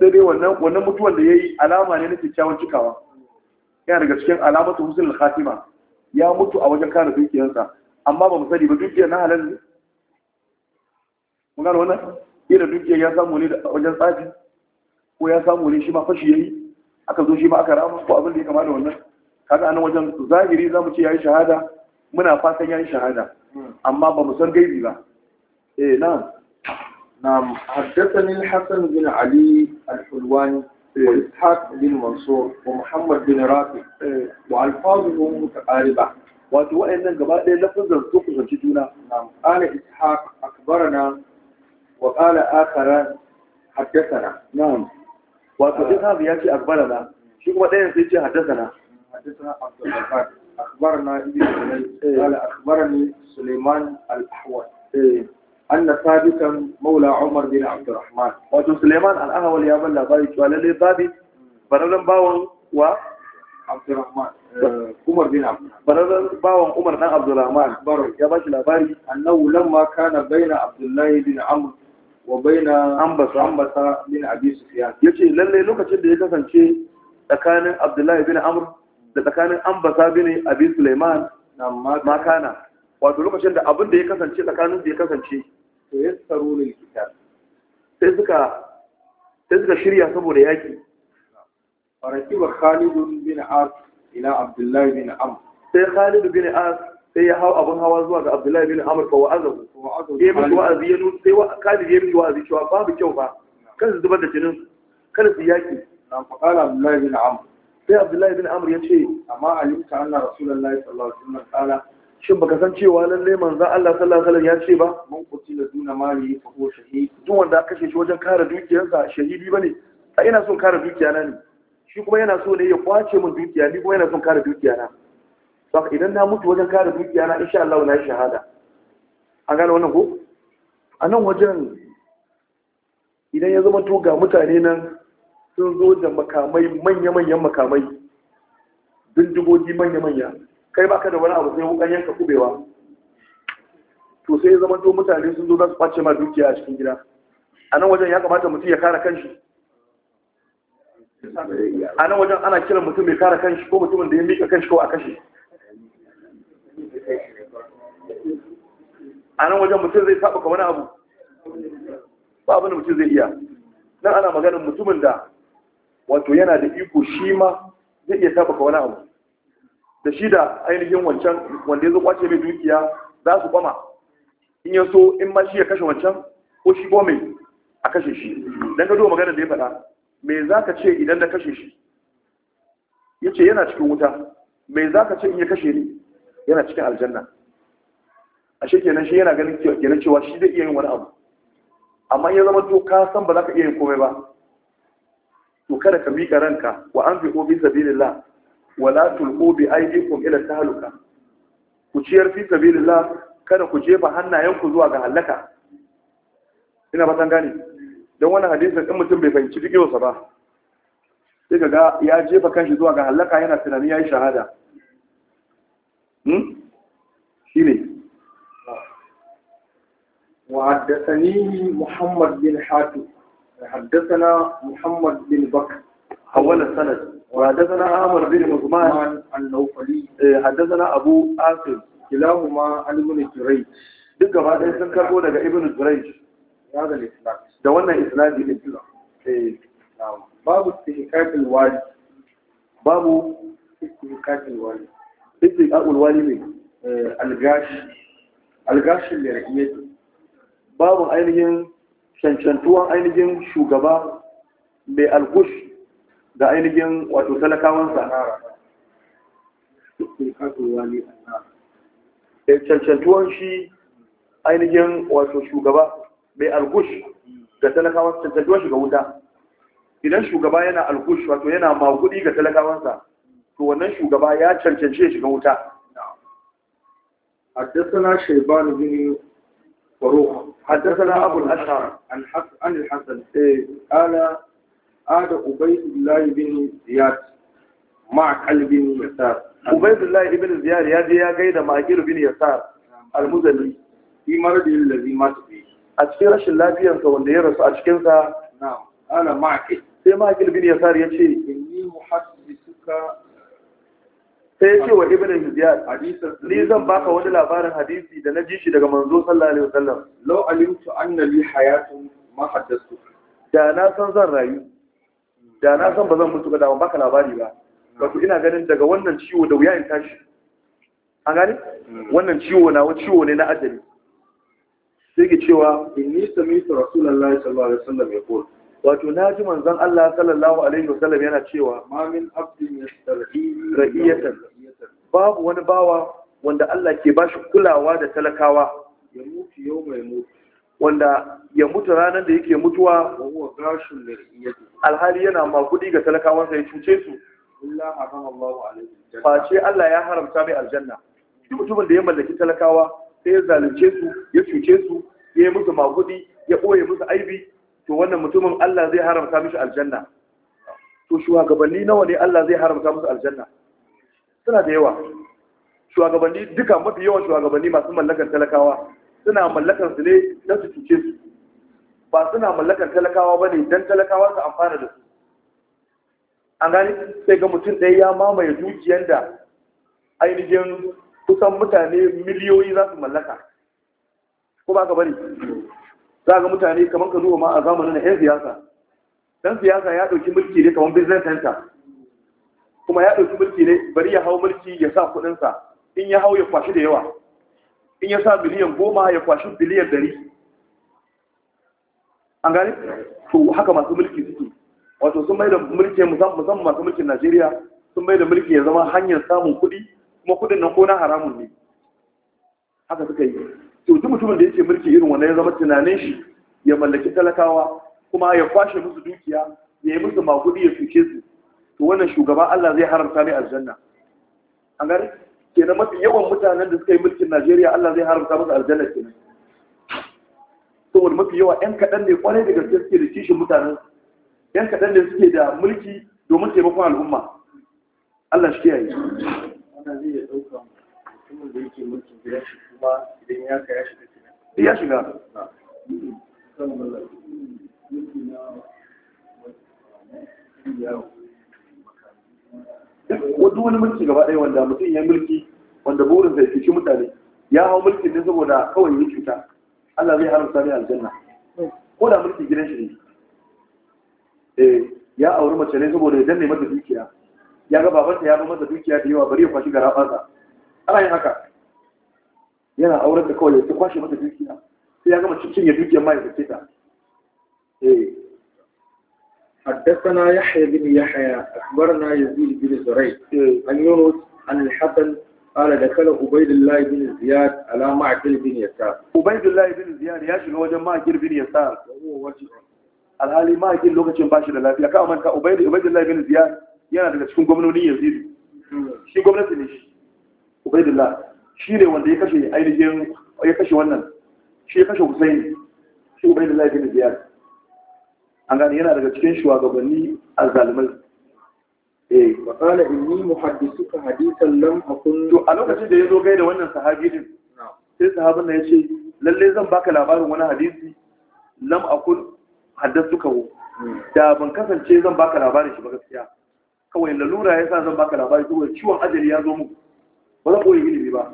dai dai wannan mutuwan da ya yi alama ne na kyakkyawan cikawa yana daga cikin alamatu husnul khatima ya mutu a wajen kare dukiyarsa amma ba mu sani ba dukiyar na halal ne mun ga wannan ila dukiyar ya samu ne a wajen tsafi ko ya samu ne shi ma fashi yayi aka zo shi ma aka rama ko abin da ya kama da wannan kaga anan wajen zahiri za mu ce yayi shahada muna fatan yayi shahada amma ba mu san gaibi ba eh na'am نعم حدثني الحسن بن علي الحلواني وإسحاق بن منصور ومحمد بن رافع وألفاظهم متقاربة وأتوأن قبائل لفظا تقصد جدنا نعم قال إسحاق أكبرنا وقال آخر حدثنا نعم wato in hazu ya ce na, shi kuma ɗayan sai ce haddasa na. عبد na اخبرنا ابن سليمان قال اخبرني سليمان الاحول أن ثابتا مولى عمر بن عبد wato Suleiman al'ahawal ya balla bai cewa lalle zabi bararren bawan wa Abdurrahman eh, Umar bin Abdurrahman bararren bawan Umar dan Abdurrahman ya ba shi labari annahu lamma kana baina Abdullahi bin Amr wa baina ambasa ambasa min abi sufyan yace lalle lokacin da ya kasance tsakanin abdullahi bin amr da tsakanin ambasa bin abi sulaiman ma kana wato lokacin da abin da ya kasance tsakanin da ya kasance to tsaro ne kitab sai suka sai suka shirya saboda yaki wa khalid bin as ila abdullahi bin amr sai khalid bin as sai ya hau abin hawa zuwa ga Abdullahi bin Amr fa wa'azahu ya miki wa'azi ya nuna sai Khalid ya miki wa'azi cewa babu kyau ba kan su zubar da jinin su kada su yaki nan fa qala Abdullahi bin Amur. sai Abdullahi bin Amur ya ce amma alimta anna Rasulullahi sallallahu alaihi wasallam qala shin baka san cewa lalle manzo Allah sallallahu alaihi wasallam ya ce ba Mun qutila duna mali fa huwa shahid duk wanda aka kashe shi wajen kare dukiyarsa shahidi bane ina son kare dukiya na ne shi kuma yana so ne ya kwace min dukiya ni kuma yana son kare dukiya na ba idan na mutu wajen kare dukiya na insha Allah na shahada an gane wannan ko a nan wajen idan ya zama to ga mutane nan sun zo da makamai manya-manyan makamai bindigogi manya-manya kai baka da wani abu sai wukan yanka kubewa to sai ya zama to mutane sun zo za su kwace ma dukiya a cikin gida a nan wajen ya kamata mutum ya kare kanshi a nan wajen ana kiran mutum mai kare kanshi ko mutumin da ya mika kanshi ko a kashe a nan wajen mutum zai saba wani abu ba abin da mutum zai iya nan ana maganin mutumin da wato yana da iko shi ma zai iya saba wani abu da shi da ainihin wancan wanda ya zo kwace mai dukiya za su kwama in ya so in ma shi ya kashe wancan ko shi ko mai a kashe shi dan gado maganar da ya faɗa me za ka ce idan da kashe shi ya ce yana cikin wuta me za ka ce in ya kashe ni yana cikin aljanna ashe kenan shi yana ganin kenan cewa shi zai iya yin wani abu amma ya zama to ka san ba za ka iya yin komai ba to kada ka miƙa ranka wa an fi obi sabilillah wa la tulqu bi aydikum ila tahluka ku ciyar fi sabilillah kada ku jefa hannayenku zuwa ga halaka ina ba san gane don wannan hadisin in mutum bai fahimci dukiyarsa ba sai ga ya jefa kanshi zuwa ga halaka yana tunanin yayi shahada hmm shine وحدثني محمد بن حاتم حدثنا محمد بن بكر حول السند وحدثنا عامر بن عثمان النوفلي إيه، حدثنا ابو قاسم كلاهما عن ابن جريج دك بعد ان كتبوا ابن جريج هذا الاسلام ده اسلام دي الاسلام إيه. نعم باب استهلاك الوالد باب استهلاك الوالد بيت الوالد إيه، الغاش الغاش اللي رقيته babu ainihin cancantuwan ainihin shugaba mai alkush da ainihin wato talakawansa eh, cancantuwan shi ainihin wato shugaba mai alkush ga talakawansa cancantuwan shi ga wuta idan shugaba yana alkush wato yana magudi ga talakawansa to wannan shugaba ya cancanci ya shiga wuta حدثنا شيبان jini. وروح حدثنا أبو الأشعر عن حسن عن الحسن قال هذا أبيض الله بن زياد مع قلب يسار أبيض الله بن زياد يا يا غيدا مع قلب بن يسار المزني في مرض الذي مات فيه أتفير رشل الله بي أنت وانده يرسو أشكي نعم أنا معك سيما makil بن يسار ya إني محسن بسكة sai ya ce wa ibn al-ziyad ni zan baka wani labarin hadisi da na ji shi daga manzo sallallahu alaihi wasallam law alimtu anna li hayatun ma haddathu da na san zan rayu da na san ba zan mutu ga da baka labari ba hmm. wato ina ganin daga wannan ciwo da wuya in tashi an gani hmm. wannan ciwo na ciwo ne na ajali sai ke cewa inni sami rasulullahi sallallahu alaihi wasallam yaqul wato na ji manzon Allah sallallahu alaihi wasallam yana cewa ma min abdin ra'iyatan babu wani bawa wanda Allah ke bashi kulawa da talakawa ya mutu yau mai mutu wanda ya mutu ranar da yake mutuwa alhali yana makudi ga talakawansa ya cuce su face Allah ya haramta mai aljanna duk mutumin da ya mallaki talakawa sai ya zalunce su ya cuce su ya yi musu makudi ya ɓoye musu aibi to wannan mutumin Allah zai haramta mishi aljanna to shugabanni nawa ne Allah zai haramta musu aljanna suna da yawa shugabanni duka mafi yawan shugabanni masu mallakar talakawa suna mallakar su ne don su cuce su ba suna mallakar talakawa ba ne don talakawa su amfana da su an gani sai ga mutum ɗaya ya mamaye dukiyar da ainihin kusan mutane miliyoyi za su mallaka ko ba ka bari za ga mutane kamar ka zuwa ma a zamanin na 'yan siyasa Ɗan siyasa ya ɗauki mulki ne kamar business center kuma ya ɗauki mulki ne bari ya hau mulki ya sa kuɗinsa in ya hau ya kwashi da yawa in ya sa miliyan goma ya kwashi biliyan dari an gani to haka masu mulki suke wato sun mai da mulki musamman masu mulkin najeriya sun mai da mulki ya zama hanyar samun kuɗi kuma kuɗin nan ko na haramun ne haka suka yi to mutumin da yake mulki irin wannan ya zama tunanin shi ya mallaki talakawa kuma ya kwashe musu dukiya ya yi musu makudi ya fice su to wannan shugaba Allah zai haramta mai aljanna an gare kenan mafi yawan mutanen da suka yi mulkin Najeriya Allah zai haramta musu aljanna kenan saboda mafi yawa ƴan kaɗan ne kwarai da gaske suke da kishin mutanen ƴan kaɗan ne suke da mulki domin taimakon al'umma Allah shi kiyaye. Wannan zai ɗauka mutumin da yake mulkin gidan shi kuma idan ya ka ya shiga kenan ya shiga duk wani mulki gaba ɗaya wanda mutum ya mulki wanda burin zai fice mutane ya hau mulkin ne saboda kawai ya cuta Allah zai haramta ne aljanna ko da mulki gidan shi ne eh, ya auri mace ne saboda ya danne mata dukiya ya ga babanta ya ba mata dukiya da yawa bari ya kwashi gara fasa ana yin haka yana auren da kawai ta kwashe mata dukiya sai ya gama cikin ya dukiyar ma ya sake ta eh. حدثنا ya بن يحيى أخبرنا يزيد بن زريع An يونس عن الحسن قال دخل عبيد الله بن زياد على معقل بن يسار عبيد الله بن زياد يا شنو وجه معقل بن يسار وهو وجه alhali lokacin bashi da lafiya ka manta ubaidu ubaidu bin ziyar yana daga cikin gwamnoni yazid shi gwamnati ne shi ubaidullah shi ne wanda ya kashe ainihin ya kashe wannan shi ya kashe husaini shi ubaidullah ibn ziyad an gane yana daga cikin shugabanni azzalimai eh wa qala inni muhaddithuka hadithan lam akun to a lokacin da ya zo gaida wannan sahabi din sai sahabin nan yace lalle zan baka labarin wani hadisi lam akun haddathuka hmm. da ban kasance zan baka labarin shi ba gaskiya kawai lalura yasa zan baka labarin saboda ciwon ajali ya zo muku ba za koyi ilimi ba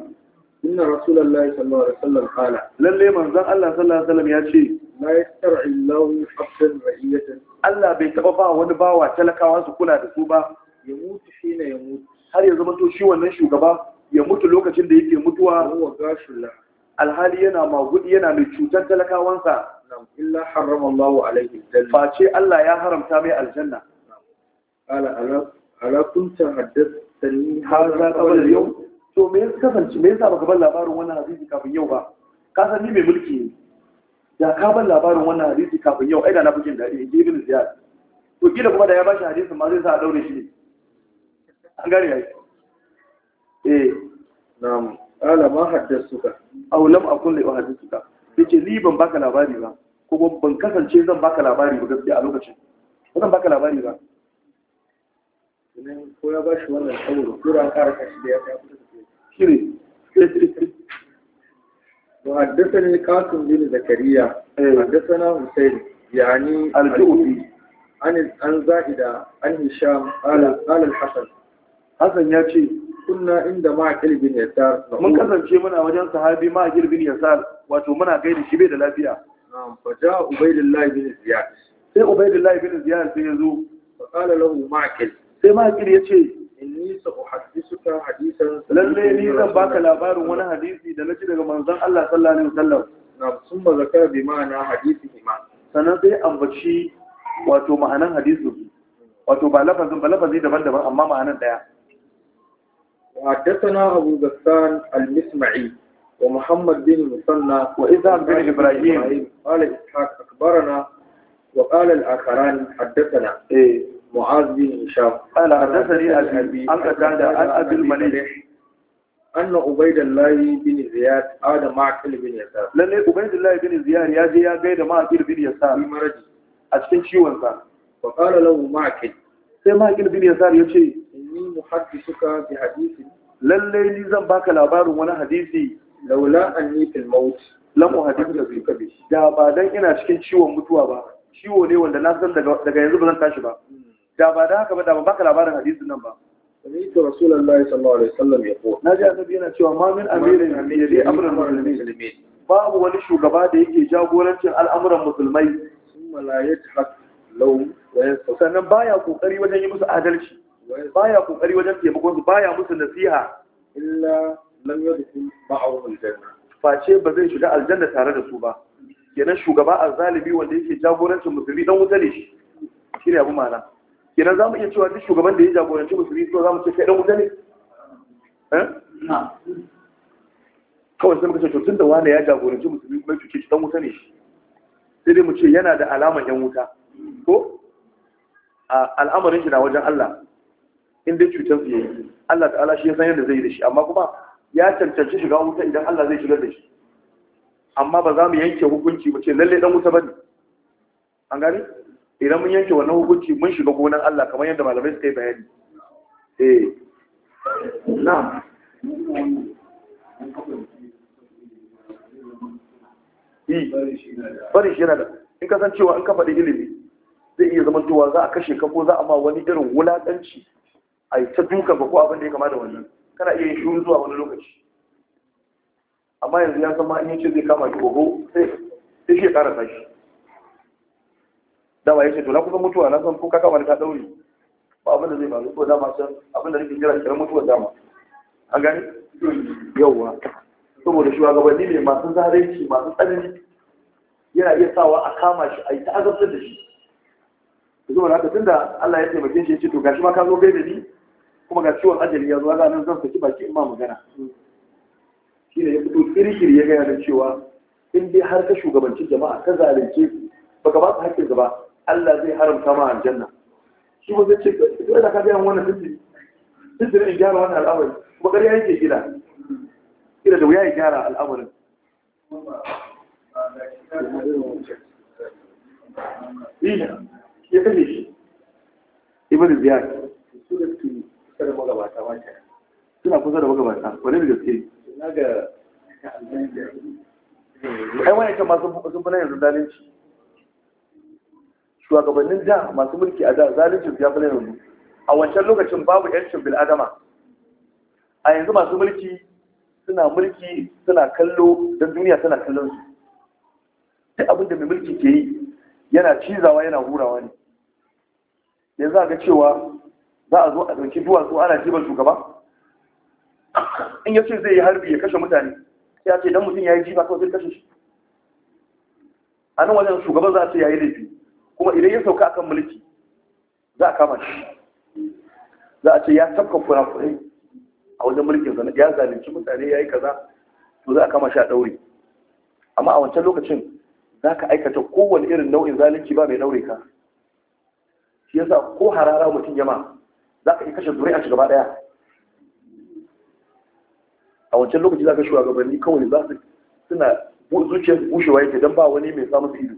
inna rasulullahi sallallahu alaihi wasallam qala lalle manzon Allah sallallahu alaihi wasallam ya ce la yastar'i Allahu abdan ra'iyatan Allah bai taba ba wani bawa talakawa su kula da su ba ya mutu shi ne ya mutu har ya zama to shi wannan shugaba ya mutu lokacin da yake mutuwa wa gashulla alhali yana magudi yana mai cutar talakawansa nam illa harrama Allahu alaihi aljanna face Allah ya haramta mai aljanna qala ala ala kunta haddathani hadha qabla al-yawm to me ya kasance me yasa baka bar labarin wannan hadisi kafin yau ba ka san ni mai mulki ne da ka bar labarin wannan hadisi kafin yau ai da na fi jin daɗi in ji ibn ziyad to kila kuma da ya bashi hadisin ma zai sa a daure shi ne an gane ya eh na'am ala ma haddathuka aw lam akun li uhaddithuka yace ni ban baka labari ba ko ban kasance zan baka labari ba gaskiya a lokacin zan baka labari ba ko ya bashi wannan saboda kura an kara kashi da ya ta fita shiri ne kasu yin da haddasa na hussain ya ni alfi'ubi an za'ida hassan hassan ya ce kuna inda ma girbin ya sa mun kasance muna wajen sahabi ma girbin ya sa wato muna gaida shi bai da lafiya na bada ubaidin laibin ziyar sai ubaidin laibin ziyar ya zo ba kala lagu ma'akil sai ma'akil ya ce inni sa ni zan baka labarin wani hadisi da naji daga manzon Allah sallallahu alaihi wasallam na summa zakara bi ma'ana hadisi ma sanan sai ambaci wato ma'anan hadisin wato ba lafazin ba lafazi daban-daban amma ma'anan daya أبو غسان المسمعي ومحمد بن المثنى وإذا بن إبراهيم قال إسحاق أخبرنا وقال الآخران حدثنا إيه معاذ بن هشام قال حدثني أبي عن قتادة عن أبي المليح أن عبيد الله بن زياد عاد معقل بن يسار لأن عبيد الله بن زياد يا جي يا جيد معقل بن يسار في مرجي أشكن شيوان كان فقال له معقل sai makil bin ya ce inni muhaddisuka bi hadisi lalle ni zan baka labarin wani hadisi laula anni fil maut lam muhaddisuka bi kabi da ba dan ina cikin ciwon mutuwa ba ciwo ne wanda na san daga yanzu ba zan tashi ba da ba da haka ba da ba baka labarin hadisin nan ba سمعت رسول الله صلى الله عليه وسلم يقول نجا yana cewa ma min amirin yadi amran muslimin babu wani shugaba da yake jagorancin al'amuran musulmai kuma la yadhak law sannan baya kokari wajen yi musu adalci baya kokari wajen taimakon su baya musu nasiha illa lam yadkhul ma'ahum aljanna face ba zai shiga aljanna tare da su ba kenan shugaba azzalimi wanda yake jagorancin musulmi dan wuta ne shi shine abu ma'ana kenan za mu iya cewa duk shugaban da ya jagoranci musulmi so za mu ce kai dan wuta ne eh? kawai sai muka ce tun da wane ya jagoranci musulmi kuma cuce shi dan wuta ne shi sai dai mu ce yana da alaman yan wuta ko al'amarin shi na wajen Allah in dai cutar su yi Allah ta'ala shi ya san yadda zai yi da shi amma kuma ya cancanci shiga wuta idan Allah zai shigar da shi amma ba za mu yanke hukunci mu ce lallai dan wuta ba ne, an gani? idan mun yanke wannan hukunci mun shiga gonan Allah kamar yadda malamai suka yi bayani eh na bari shi yana da in ka san cewa in ka faɗi ilimi zai iya zama tuwa za a kashe ka ko za a ma wani irin wulaƙanci a yi ta duka ba ko abin da ya kama da wannan kana iya yin shuru zuwa wani lokaci amma yanzu ya zama in yace zai kama ki gogo sai sai shi ya ƙara tashi dama ya ce to na kusan mutuwa na san ko kaka wani ka daure ba abin da zai faru ko dama san abin da nake jira kiran mutuwar dama an gani yawwa saboda shugabanni ne masu zalunci masu tsanani yana iya sawa a kama shi a yi ta'azabtar da shi zuwa haka tunda Allah ya taimake shi ya ce to gashi ma ka zo gaida ni kuma ga ciwon ajali ya zo ga nan zan saki baki in ma magana shi ne ya fito kirkiri ya gaya da cewa in dai har ka shugabanci jama'a ka zalunce baka ba su haƙƙin ba Allah zai haramta ma aljanna shi ba zai ce ga da ka ga wannan fitin fitin in gyara wannan al'amari kuma ƙarya yake gida Gida da wuya ya gyara al'amarin ya kashe shi ibn ziyad kusa da magabata suna kusa da magabata wani da gaske na ga ai wani kan masu fana yanzu zalunci shugabannin da masu mulki a da zalincin ya fi yanzu a wancan lokacin babu yancin bil'adama a yanzu masu mulki suna mulki suna kallo don duniya suna kallon su duk abin da mai mulki ke yi yana cizawa yana hurawa ne yanzu a ga cewa za a zo a ɗauki duwatsu ana jiban shugaba in ya ce zai yi harbi ya kashe mutane ya ce dan mutum ya yi jiba kawai zai kashe shi a nan wajen shugaban za a ce ya yi laifi kuma idan ya sauka akan mulki za a kama shi za a ce ya tabka kurakurai a wajen mulkin sa ya zalunci mutane ya yi kaza to za a kama shi a ɗaure amma a wancan lokacin za ka aikata kowane irin nau'in zalunci ba mai ɗaure ka shi yasa ko harara mutum yama za ka yi kashe zuri'a shi gaba ɗaya a wancan lokaci za ka shugabanni kawai za su suna zuciyar bushewa yake don ba wani mai samun ido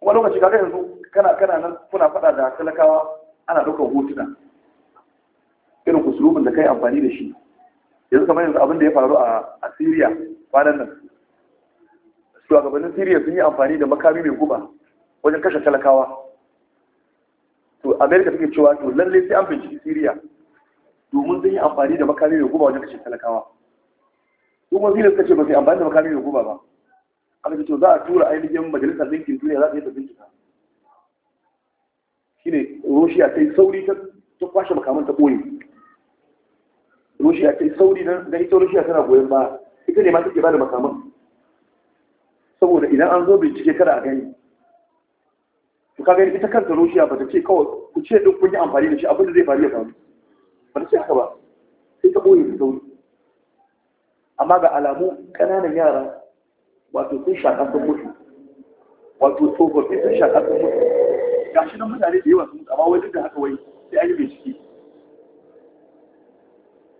kuma lokaci kaga yanzu kana kana nan kuna faɗa da talakawa ana ɗaukar hotuna irin kusurubin da kai amfani da shi yanzu kamar yanzu abin da ya faru a a Syria kwanan nan shugabannin Syria sun yi amfani da makami mai guba wajen kashe talakawa to America take cewa to lalle sai an binciki Syria domin sun yi amfani da makami mai guba wajen kashe talakawa kuma zai suka ce ba su yi amfani da makami mai guba ba aka ce za a tura ainihin majalisar ɗinkin duniya za ta yi ta Shi ne roshiya ta yi sauri ta kwashe makaman ta ɓoye roshiya ta yi sauri na ita roshiya tana goyon ba ita ne ma take ba da makaman saboda idan an zo bincike kada a gani to ka gani ita kanta roshiya ba ta ce kawai ku ce duk kun yi amfani da shi abin da zai faru ya faru ba ta ce haka ba sai ta ɓoye da sauri amma ga alamu ƙananan yara wato sun shaka sun mutu wato tsofaffi sun shaka sun mutu ga shi nan mutane da yawa sun mutu amma duk da haka wai sai an yi bincike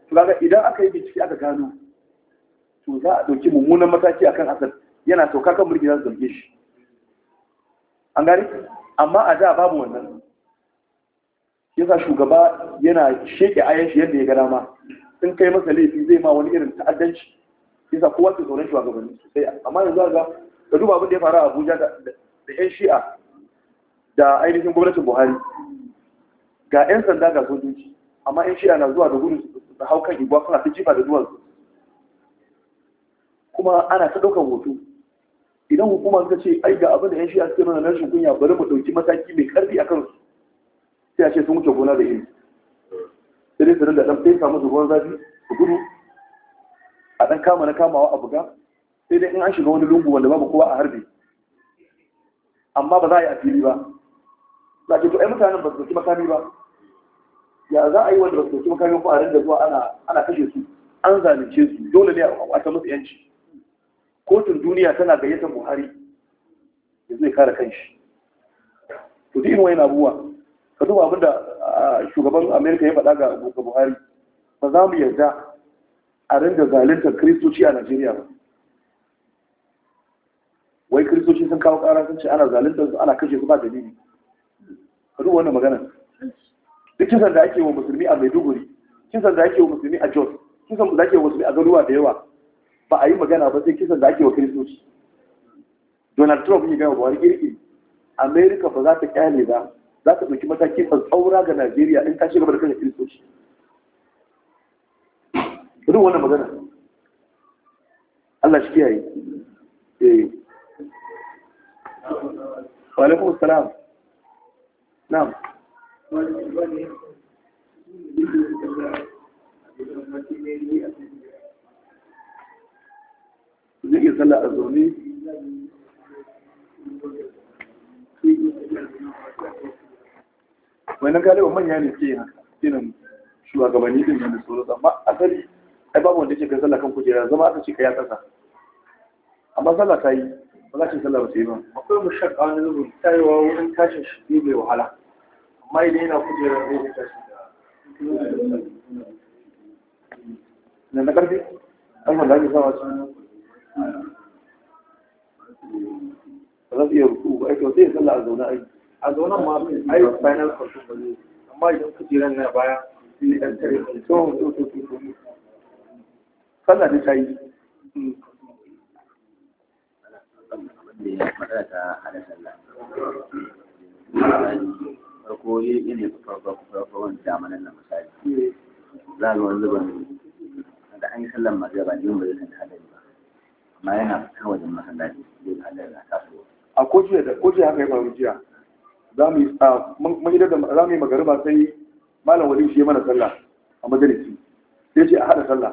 to kaga idan aka yi bincike aka gano to za a ɗauki mummunan mataki akan asar yana sauka kan mulki za su zarge shi an gane amma a da babu wannan yasa shugaba yana sheke ayan shi yadda ya ga dama in kai masa laifi zai ma wani irin ta'addanci isa kowa ke tsoron su sosai amma yanzu ga ka duba abin da ya faru a Abuja da yan shi'a da ainihin gwamnatin Buhari ga yan sanda ga sojoji amma yan shi'a na zuwa da gudu su hau kan igwa suna ta jifa da duwatsu kuma ana ta ɗaukar hoto idan hukuma suka ce ai ga abin da yan shi'a suke nuna na rashin kunya bari mu ɗauki mataki mai ƙarfi a kansu sai a ce sun wuce gona da ilimi sai dai su rinda ɗan fesa musu ruwan zafi su gudu dan kama na kamawa a buga sai dai in an shiga wani lungu wanda babu kowa a harbe amma ba za a yi a fili ba za to ai mutanen ba su ɗauki makami ba ya za a yi wanda ba su ɗauki makami ko a rinda zuwa ana kashe su an zalunce su dole ne a wasa musu yanci kotun duniya tana gayyatar buhari ya zai kare kanshi to duk irin abuwa ka duba abin da shugaban amerika ya faɗa ga buhari ba za mu yarda a rinda zaluntar kristoci a najeriya ba wai kristoci sun kawo kara sun ce ana zaluntar su ana kashe su ba da ka duba wannan magana. duk kisan da ake wa musulmi a maiduguri kisan da ake wa musulmi a jos kisan da ake wa musulmi a Garuwa da yawa ba a yi magana ba sai kisan da ake wa kiristoci donald trump ya gama wa buhari kirki Amerika ba za ta kyale ba za ta ɗauki mataki tsaura ga najeriya in ta shiga da kashe kiristoci duk wani magana Allah shi kiyaye eh wa alaikum assalam na'am zai sallah a zaune wani galiba manya ne ke yana shugabanni din da sauransu amma asali ai babu wanda yake kan sallah kan kujera zama aka ce ka ya kasa amma sallah ta yi ba za ta sallah ba ta yi ba akwai mushakka wani zubu wa wurin tashin shi mai wahala amma idan yana kujera zai yi tashi da na karfi an wanda ake sawa su ba za su iya ruku ba aiki wata yi sallah a zaune aiki a zaune ma ai final control amma idan kujera na baya sai ɗan tare da tsohon tsohon tsohon sallah ne ta yi farko yin farko farko wani zamanin na misali za ga wani zuban da an yi sallan magana yin ba zai san hadari ba amma yana fitar da masallaci zai hadari na tasowa a koje da koje haka ya faru jiya za mu yi magariba sai malam wali shi ya mana sallah a majalisi sai ce a haɗa sallah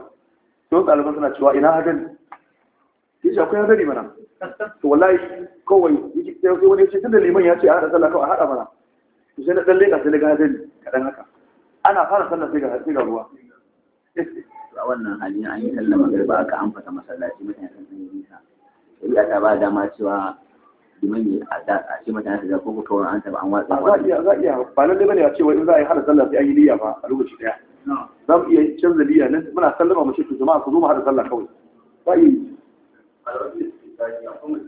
don wasu ɗaliban suna cewa ina hadari ya ce akwai hadari mana to wallahi kawai ya ce wani ya ce tunda liman ya ce a haɗa sallah kawai a haɗa mana to sai na ɗan leka sai ga hadari kaɗan haka ana fara sallah sai ga sai ga ruwa a wannan hali an yi sallah ba aka amfata masallaci mutane sun yi nisa shari'a ta ba dama cewa liman ne a da a ce mutane su ga ko kawai an taɓa an watsa wani za a iya ba lallai bane a ce wai in za a yi haɗa sallah sai an yi niyya ba a lokaci ɗaya نعم ضم نعم. يشمل إيه، لي ان يعني؟ انت من اسلم او مشيت جماعه قدوم هذا صلى قوي طيب على رأيك في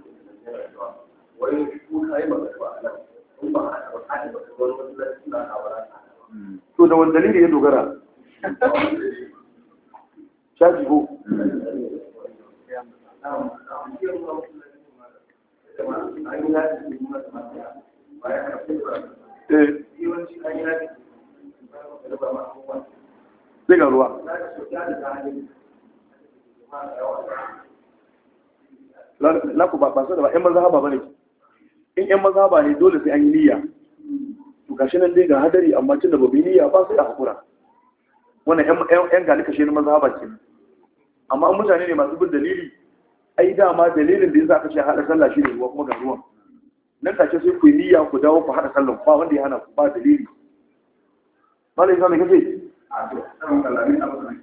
وإن يكون هاي مرة أخوة ألم sai ga ruwa laku ba ba da ba 'yan haba ba ne in 'yan haba ne dole sai an yi niyya to gashi nan dai ga hadari amma cin da babu niyya ba sai a hakura wannan 'yan galika shi na haba ke amma an mutane ne masu bin dalili ai dama dalilin da ya za ka ce haɗa sallah shi ne ruwa kuma ga ruwan nan take sai ku yi niyya ku dawo ku haɗa sallah ba wanda ya hana ku ba dalili malai zama kafe a da da eh. yana da wani da zai yi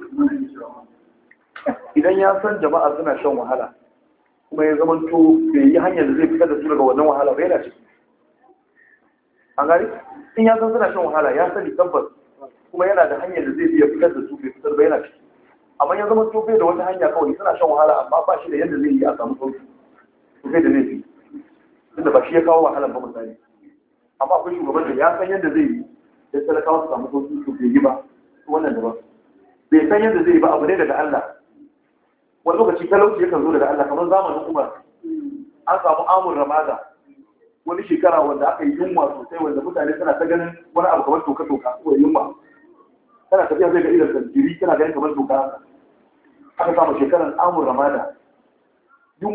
kuma idan ya san jama'a suna shan wahala kuma ya zama to bai yi hanyar da zai fitar da su daga wannan wahala bai yana ciki A in ya san suna shan wahala ya sani tabbas kuma yana da hanyar da zai fitar da su bai fitar ba yana ciki amma ya zama tufe da wata hanya kawai suna shan wahala amma ba shi da yadda zai yi a samu sauki tufe da fi inda ba shi ya kawo wahala ba misali amma akwai shugaban da ya san yadda zai yi ya kawo su samu sauki to bai yi ba wannan daban bai san yadda zai yi ba abu ne daga Allah wani lokaci talauci yakan zo daga Allah kamar zamanin Umar an samu amur ramada wani shekara wanda aka yi yunwa sosai wanda mutane suna ta ganin wani abu kamar toka-toka ko yunwa tana tafiya zai ga irin sanjiri tana ganin kamar toka aka samu shekarar amur ramada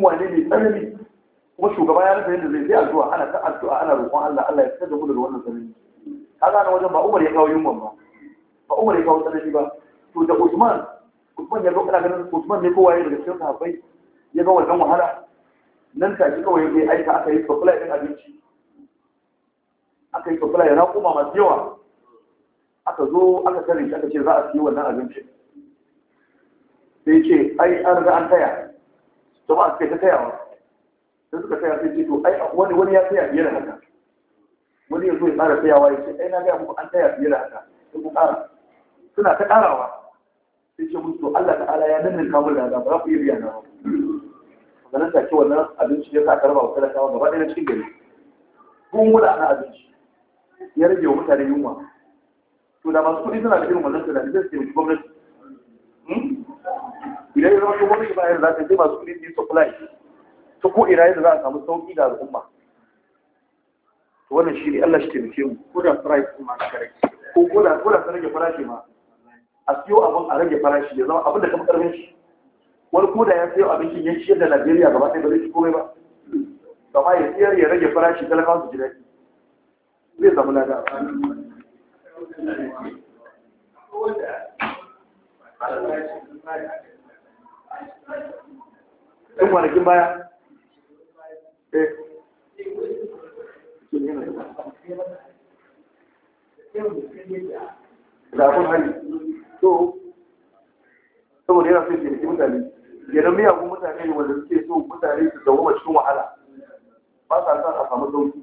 wane ne tsanani kuma shugaba ya rufe yadda zai zai addu'a ana ta addu'a ana roƙon Allah Allah ya fitar da mu daga wannan tsanani Ka gane wajen ba Umar ya kawo yunwan ba ba Umar ya kawo tsanani ba to da Usman Usman ya ga kana ganin Usman ne kowa ya daga cikin sahabbai ya ga wannan wahala nan ta take kawai ya aika aka yi supply din abinci aka yi ya na koma masu yawa aka zo aka tare shi aka ce za a siyo wannan abincin sai ce ai an ga an taya ba sai ta taya sai suka taya sai ce to ai wani wani ya taya biyar haka wani yanzu ya fara tayawa ya ce ai na gaya muku an taya biyar haka sai ku ƙara suna ta ƙarawa sai ce musu to Allah ta'ala ya nannin kamun da ba za ku yi biya na ba da ke wannan abinci ya sa karba raba wa talakawa gaba ɗaya na cikin gari kun wula na abinci ya rage wa mutane yunwa to da masu kuɗi suna da irin wannan tunanin zai yi gwamnati idan ya zama shugabanci ba yadda za ka sai masu kuɗi su yi supply ta ko ina yadda za a samu sauƙi ga al'umma to wannan shi ne Allah shi taimake mu ko da price ma ka rage ko ko da ko da ka rage farashi ma a siyo abin a rage farashi ya zama abin da ka karfin shi wani ko da ya siyo abincin ya ci yadda Najeriya gaba ɗaya ba zai ci komai ba gama ya siyar ya rage farashi talakawa su ji daɗi zai samu lada Thank you. ɗan kwanakin baya zafin eh. hali so saboda yana son jirgin mutane kenan miyagun mutane wanda suke so mutane su dawo cikin wahala ba sa son a samu sauki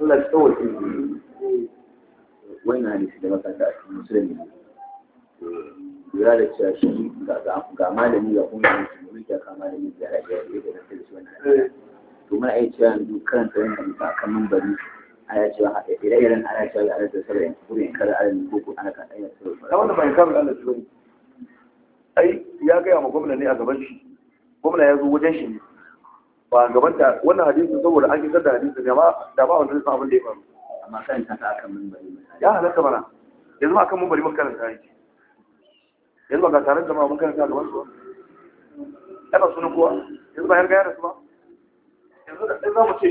Allah shi kawai wani hadisi da masaka a cikin musulmi lura da cewa shi ga malami ga kuma shi ne muke kama da yin da rage da yake da shi wannan to mun ai cewa yanzu karanta wannan ba kaman bari ana cewa ire-iren ana cewa ya arata saboda gurin kada alani ko ko ana kan ayyuka saboda wannan bai kamar Allah shi ai ya gaya ma gwamna ne a gaban shi gwamna ya zo wajen shi ne ba a gaban da wannan hadisin saboda an kisar da hadisin da ba da ba wannan abin da ya faru amma kan ta akan mun bari ya halatta mana, yanzu ma akan mun bari mun karanta shi yanzu ba ga taron jama'a mun karanta gaban su ba. sunan kowa yanzu ba yar gaya da su ba yanzu da ɗan zamu ce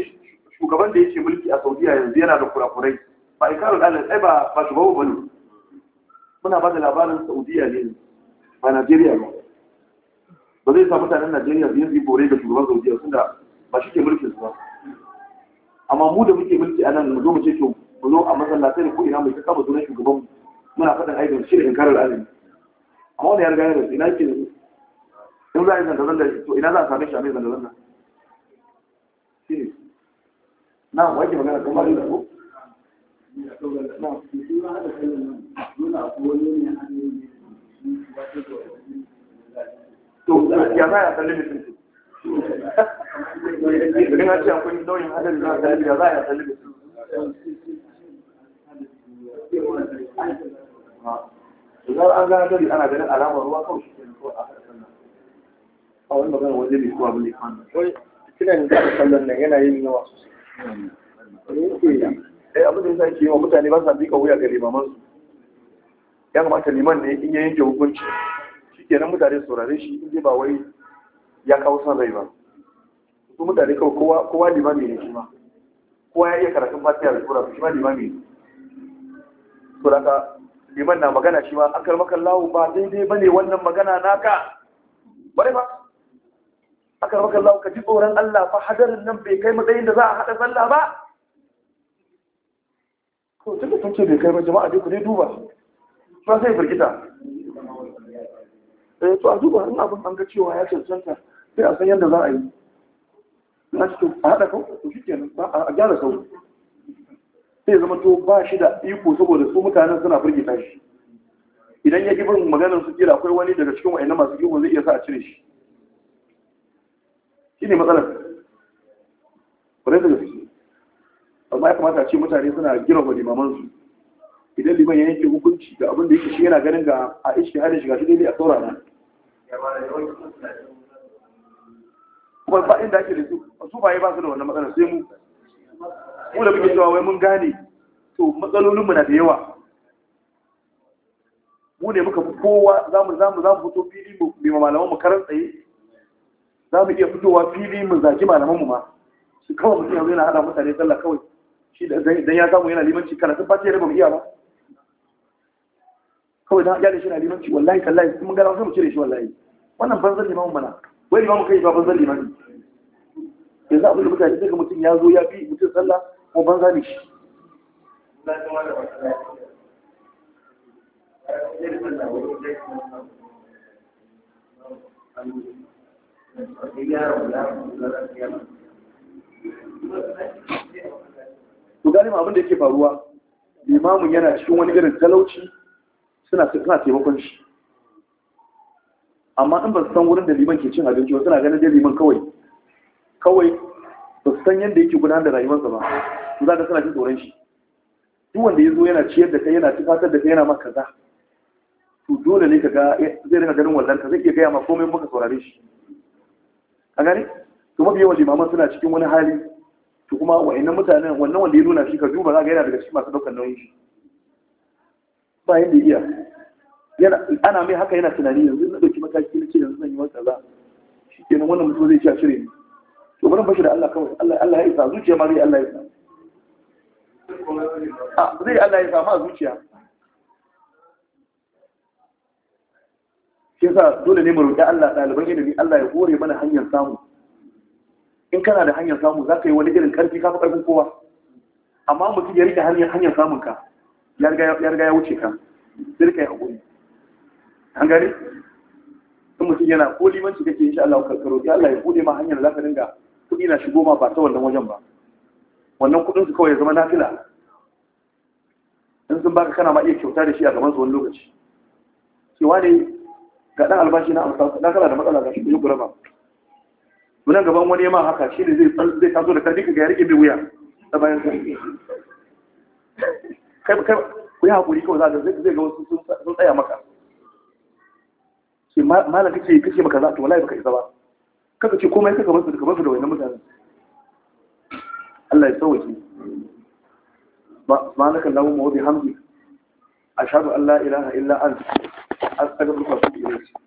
shugaban da yake mulki a saudiya yanzu yana da kurakurai ba ikarun alal ai ba ba ba bane muna ba da labarin saudiya ne ba najeriya ba ba zai sa mutanen najeriya su yi bore da shugaban saudiya tunda ba shi ke mulkin su ba amma mu da muke mulki a nan mu zo mu ce to mu zo a masallatai da ko ina mai kaka ba zo na shugaban muna faɗin aibin shi da alimi amma wani ya riga da ina ke in za a yi zanga-zanga to ina za a same shi a mai zanga-zanga shine na wake magana kan da ko to ya za a kalli mutum idan a ce akwai nauyin hadari na kalli ya za a kalli mutum idan an gana gari ana ganin alamar ruwa kawai shi ke a haɗa sallah a wani magana wani ne na bane da sallan nan yana yin yawa sosai eh abin da yasa yi wa mutane ba sa bika wuya ga limaman su ya kamata liman ne in ya yanke hukunci shikenan mutane saurare shi in dai ba wai ya kawo son rai ba su mutane kawai kowa kowa limami ne shi ma ya iya karatun fatiha da shi ma liman na magana shi ma an karmakan lawo ba daidai ba ne wannan magana naka bari ba an karmakan lawo ka ji tsoron Allah fa hadarin nan bai kai matsayin da za a haɗa sallah ba to tun da sun bai kai ba jama'a dai ku dai duba ba sai firgita eh to a duba in abin an ga cewa ya cancanta sai a san yadda za a yi na cikin a haɗa kan ku shi kenan a gyara sauri sai zama to ba shi da iko saboda su mutanen suna firgita shi idan ya gibin maganar su kira akwai wani daga cikin wa'ina masu gibin zai iya sa a cire shi shi ne matsalar kwarai da gaske amma ya kamata a ce mutane suna gina wa su idan liman ya yanke hukunci ga abin da yake shi yana ganin ga a iske hada shiga shi daidai a saurara kuma ba inda ake da su su ba yi ba su da wannan matsalar sai mu wanda da muke cewa wai mun gane to matsalolinmu na da yawa mu ne muka kowa za mu za mu za mu fito fili mu bi malaman mu karan tsaye za mu iya fitowa fili mu zagi malaman mu ma su kawai mutum yanzu yana hada mutane sallah kawai shi dan ya samu yana limanci karatun fatiha da ba mu iya ba kawai dan ya shi na limanci wallahi kallahi mun gana sai mu cire shi wallahi wannan banzar limamin mana wai limamin kai ba banzar limamin yanzu abin da mutane daga mutum ya zo ya bi mutum sallah ko banza ne shi to ma abin da yake faruwa limamin yana cikin wani irin talauci suna taimakon shi amma in ba su san wurin da liman ke cin abinci ba suna ganin da liman kawai kawai ba su san yadda yake gudanar da rayuwarsa ba to za ka suna jin tsoron shi duk wanda ya zo yana ciyar da kai yana tufatar da kai yana maka kaza to dole ne kaga eh, zai daga ganin wallan ka zai iya gaya ma komai muka saurare shi a gani to mafi yawan limaman suna cikin wani hali to kuma wa'annan mutanen wannan wanda ya nuna shi ka duba za yana daga cikin masu ɗaukar nauyin shi ba yadda iya ana mai haka yana tunani yanzu na ɗauki mataki na ce yanzu zan yi wata za shi kenan wannan mutum zai ci a cire ni to bari bashi da Allah kawai Allah ya isa zuciya ma zai Allah ya isa a ah, zai Allah ya samu a zuciya shi sa dole ne mu roƙi Allah ɗaliban ilimi Allah ya hore mana hanyar samu in kana da hanyar samu za ka yi wani irin ƙarfi kafa ƙarfin kowa amma mutum ya rike hanyar samun ka ya riga ya wuce ka sai ka yi haƙuri an gani in mutum yana ko limanci kake insha Allah ka Ya Allah ya bude ma hanyar za ka dinga kuɗi na shigo ma ba ta wannan wajen ba wannan kudin su kawai ya zama nafila in sun baka kana ma iya kyauta da shi a gaban su wani lokaci cewa ne ga dan albashi na amsa na kana da matsala ga shi yi gurama munan gaban wani ma haka shi ne zai zai taso da karfi ga ya rike bai wuya da bayan kai kai ku yi hakuri kawai za ka zai ga wasu sun tsaya maka sai malam kace kace maka za to wallahi baka isa ba kaka ce komai kaka basu da basu da wannan mutanen Allah ya sauke subhanaka allahumma wa hamdi. ashhadu an la ilaha illa anta astaghfiruka wa atubu ilayk